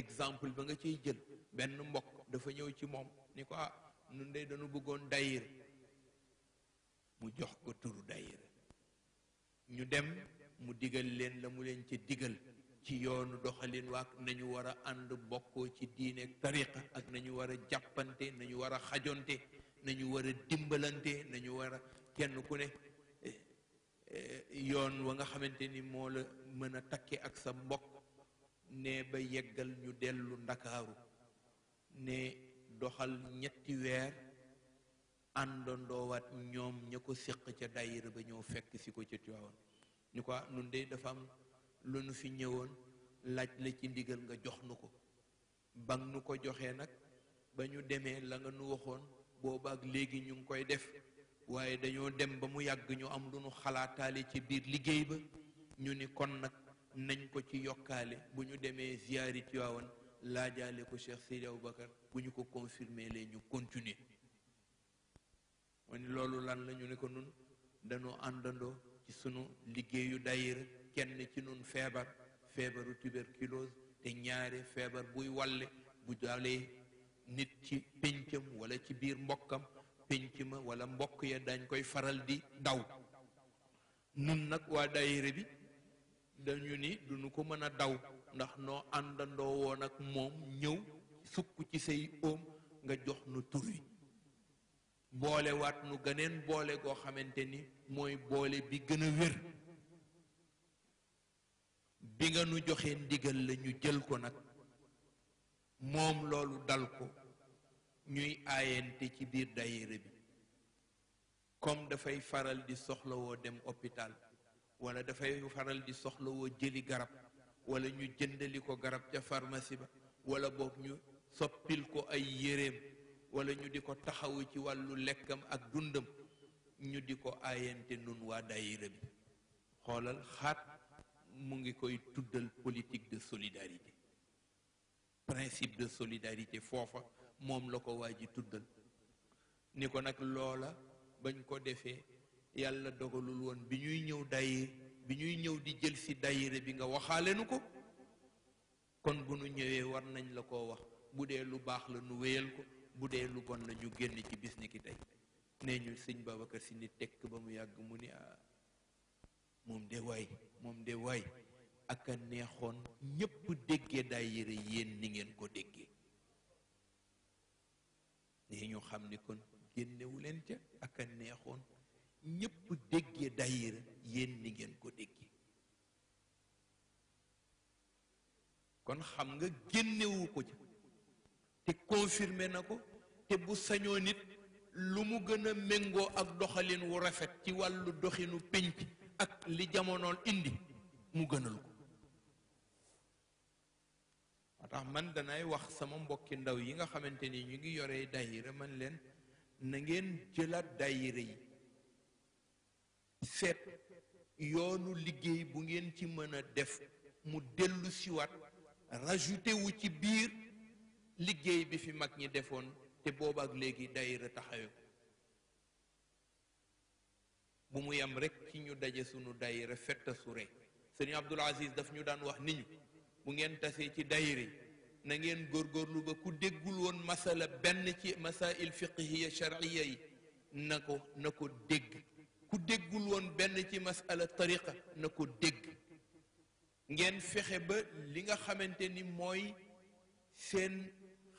exemple ba nga ciy jël benn mbokk dafa ñëw ci moom ni ko ah nun dey dañu bëggoon dayira mu jox ko turu dayira ñu dem mu digal leen la mu leen ci digal ci yoonu doxalin waak nañu war a ànd bokkoo ci diineek tariqa ak nañu war a jàppante nañu war a xajonte nañu war a dimbalante nañu war a kenn ku ne Eh, yoon wa nga xamante ni moo la mën a takke ak sa mbokk ne ba yeggal ñu dellu ndakaaru ne doxal ñetti weer àndandoowaat ñoom ña ko séq ca dayir ba ñëw fekk si ko ca Tiwaawan ñu ko nun de dafa am lu nu fi ñëwoon laaj la ci ndigal nga jox nu ko ba nu ko joxee nag ba ñu demee la nga nu waxoon boobaak léegi ñu ngi koy def waaye dañoo dem ba mu yàgg ñu am lu nu xalaataale ci biir liggéey ba ñu ni kon nag nañ ko ci yokkaale bu ñu demee ziyaari Tiwaawan laajaale ko Cheikh Seydi Aboubacar bu ñu ko confirmer lee ñu continuer mu loolu lan lañu ñu ne ko nun dañoo àndandoo ci suñu liggéeyu dayira kenn ci nun feebar feebaru tuberculose te ñaare feebar buy wàlle bu dalee nit ci péncam wala ci biir mbokkam pénc ma wala mbokk ya dañ koy faral di daw nun nag waa daayira bi dañu ni duñu ko mën a daw ndax noo àndandoo woon ak moom ñëw sukk ci say om nga jox nu turi wi boole waat nu gëneen boole goo xamante ni mooy boole bi gën a wér bi nga nu joxee ndigal la jël ko nag moom loolu dal ko ñuy aayante ci biir daayira bi comme dafay faral di soxlawoo dem hôpital wala dafay faral di soxlawoo jëli garab walla ñu jëndali ko garab ca pharmacie ba wala boog ñu soppil ko ay yéreem wala ñu di ko taxawu ci wàllu lekkam ak dundam ñu di ko aayante nun waa daayira bi xoolal xaat mu ngi koy tuddal politique de solidarité principe de solidarité foofa moom la ko waa ji tuddal ni ko nag loola bañ ko defee yàlla dogalul woon bi ñuy ñëw day bi ñuy ñëw di jël si yére bi nga waxaale nu ko kon bu nu ñëwee war nañ la ko wax bu dee lu baax la nu wéyal ko bu dee lu bon la ñu génn ci bis ni ki tey nee ñu sëñ Babacar si ni tekk ba mu yàgg mu ni ah moom de waay moom de waay ak a neexoon ñépp déggee dayire yéen ni ngeen ko déggee lii ñu xam ni kon génnewu leen ca ak a neexoon ñëpp déggee dayira yéen ni ngeen ko déggee kon xam nga génnewu ko ca te confirmé na ko te bu sañoo nit lu mu gën a méngoo ak doxalin wu rafet ci wàllu doxinu pénc ak li jamonoon indi mu gënal ko tax man danay wax sama mbokki ndaw yi nga xamante ni ñu ngi yore dayira man leen na ngeen jëlaat dayira yi seet yoonu liggéey bu ngeen ci mën a def mu dellu siwaat rajouté ci biir liggéey bi fi mag ñi defoon te booba ak léegi dayira taxawe ko bu mu yam rek ci ñu daje sunu dayira fetta su rey sëriñ Abdul Aziz daf ñu daan wax ni bu ngeen tasee ci dayira yi na ngeen góorgóorlu ba ku déggul woon masala benn ci masail fiqhiya sharciya yi na ko na ko dégg ku déggul woon benn ci masala tariqa na ko dégg ngeen fexe ba li nga xamante ni mooy seen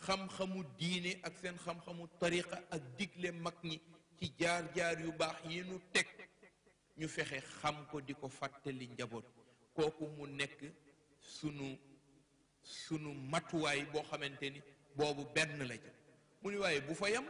xam-xamu diine ak seen xam-xamu tariqa ak digle mag ñi ci jaar-jaar yu baax yi nu teg ñu fexe xam ko di ko fàttali njaboot kooku mu nekk sunu sunu matuwaay boo xamante ni boobu benn la ca mu ni waaye bu fa yam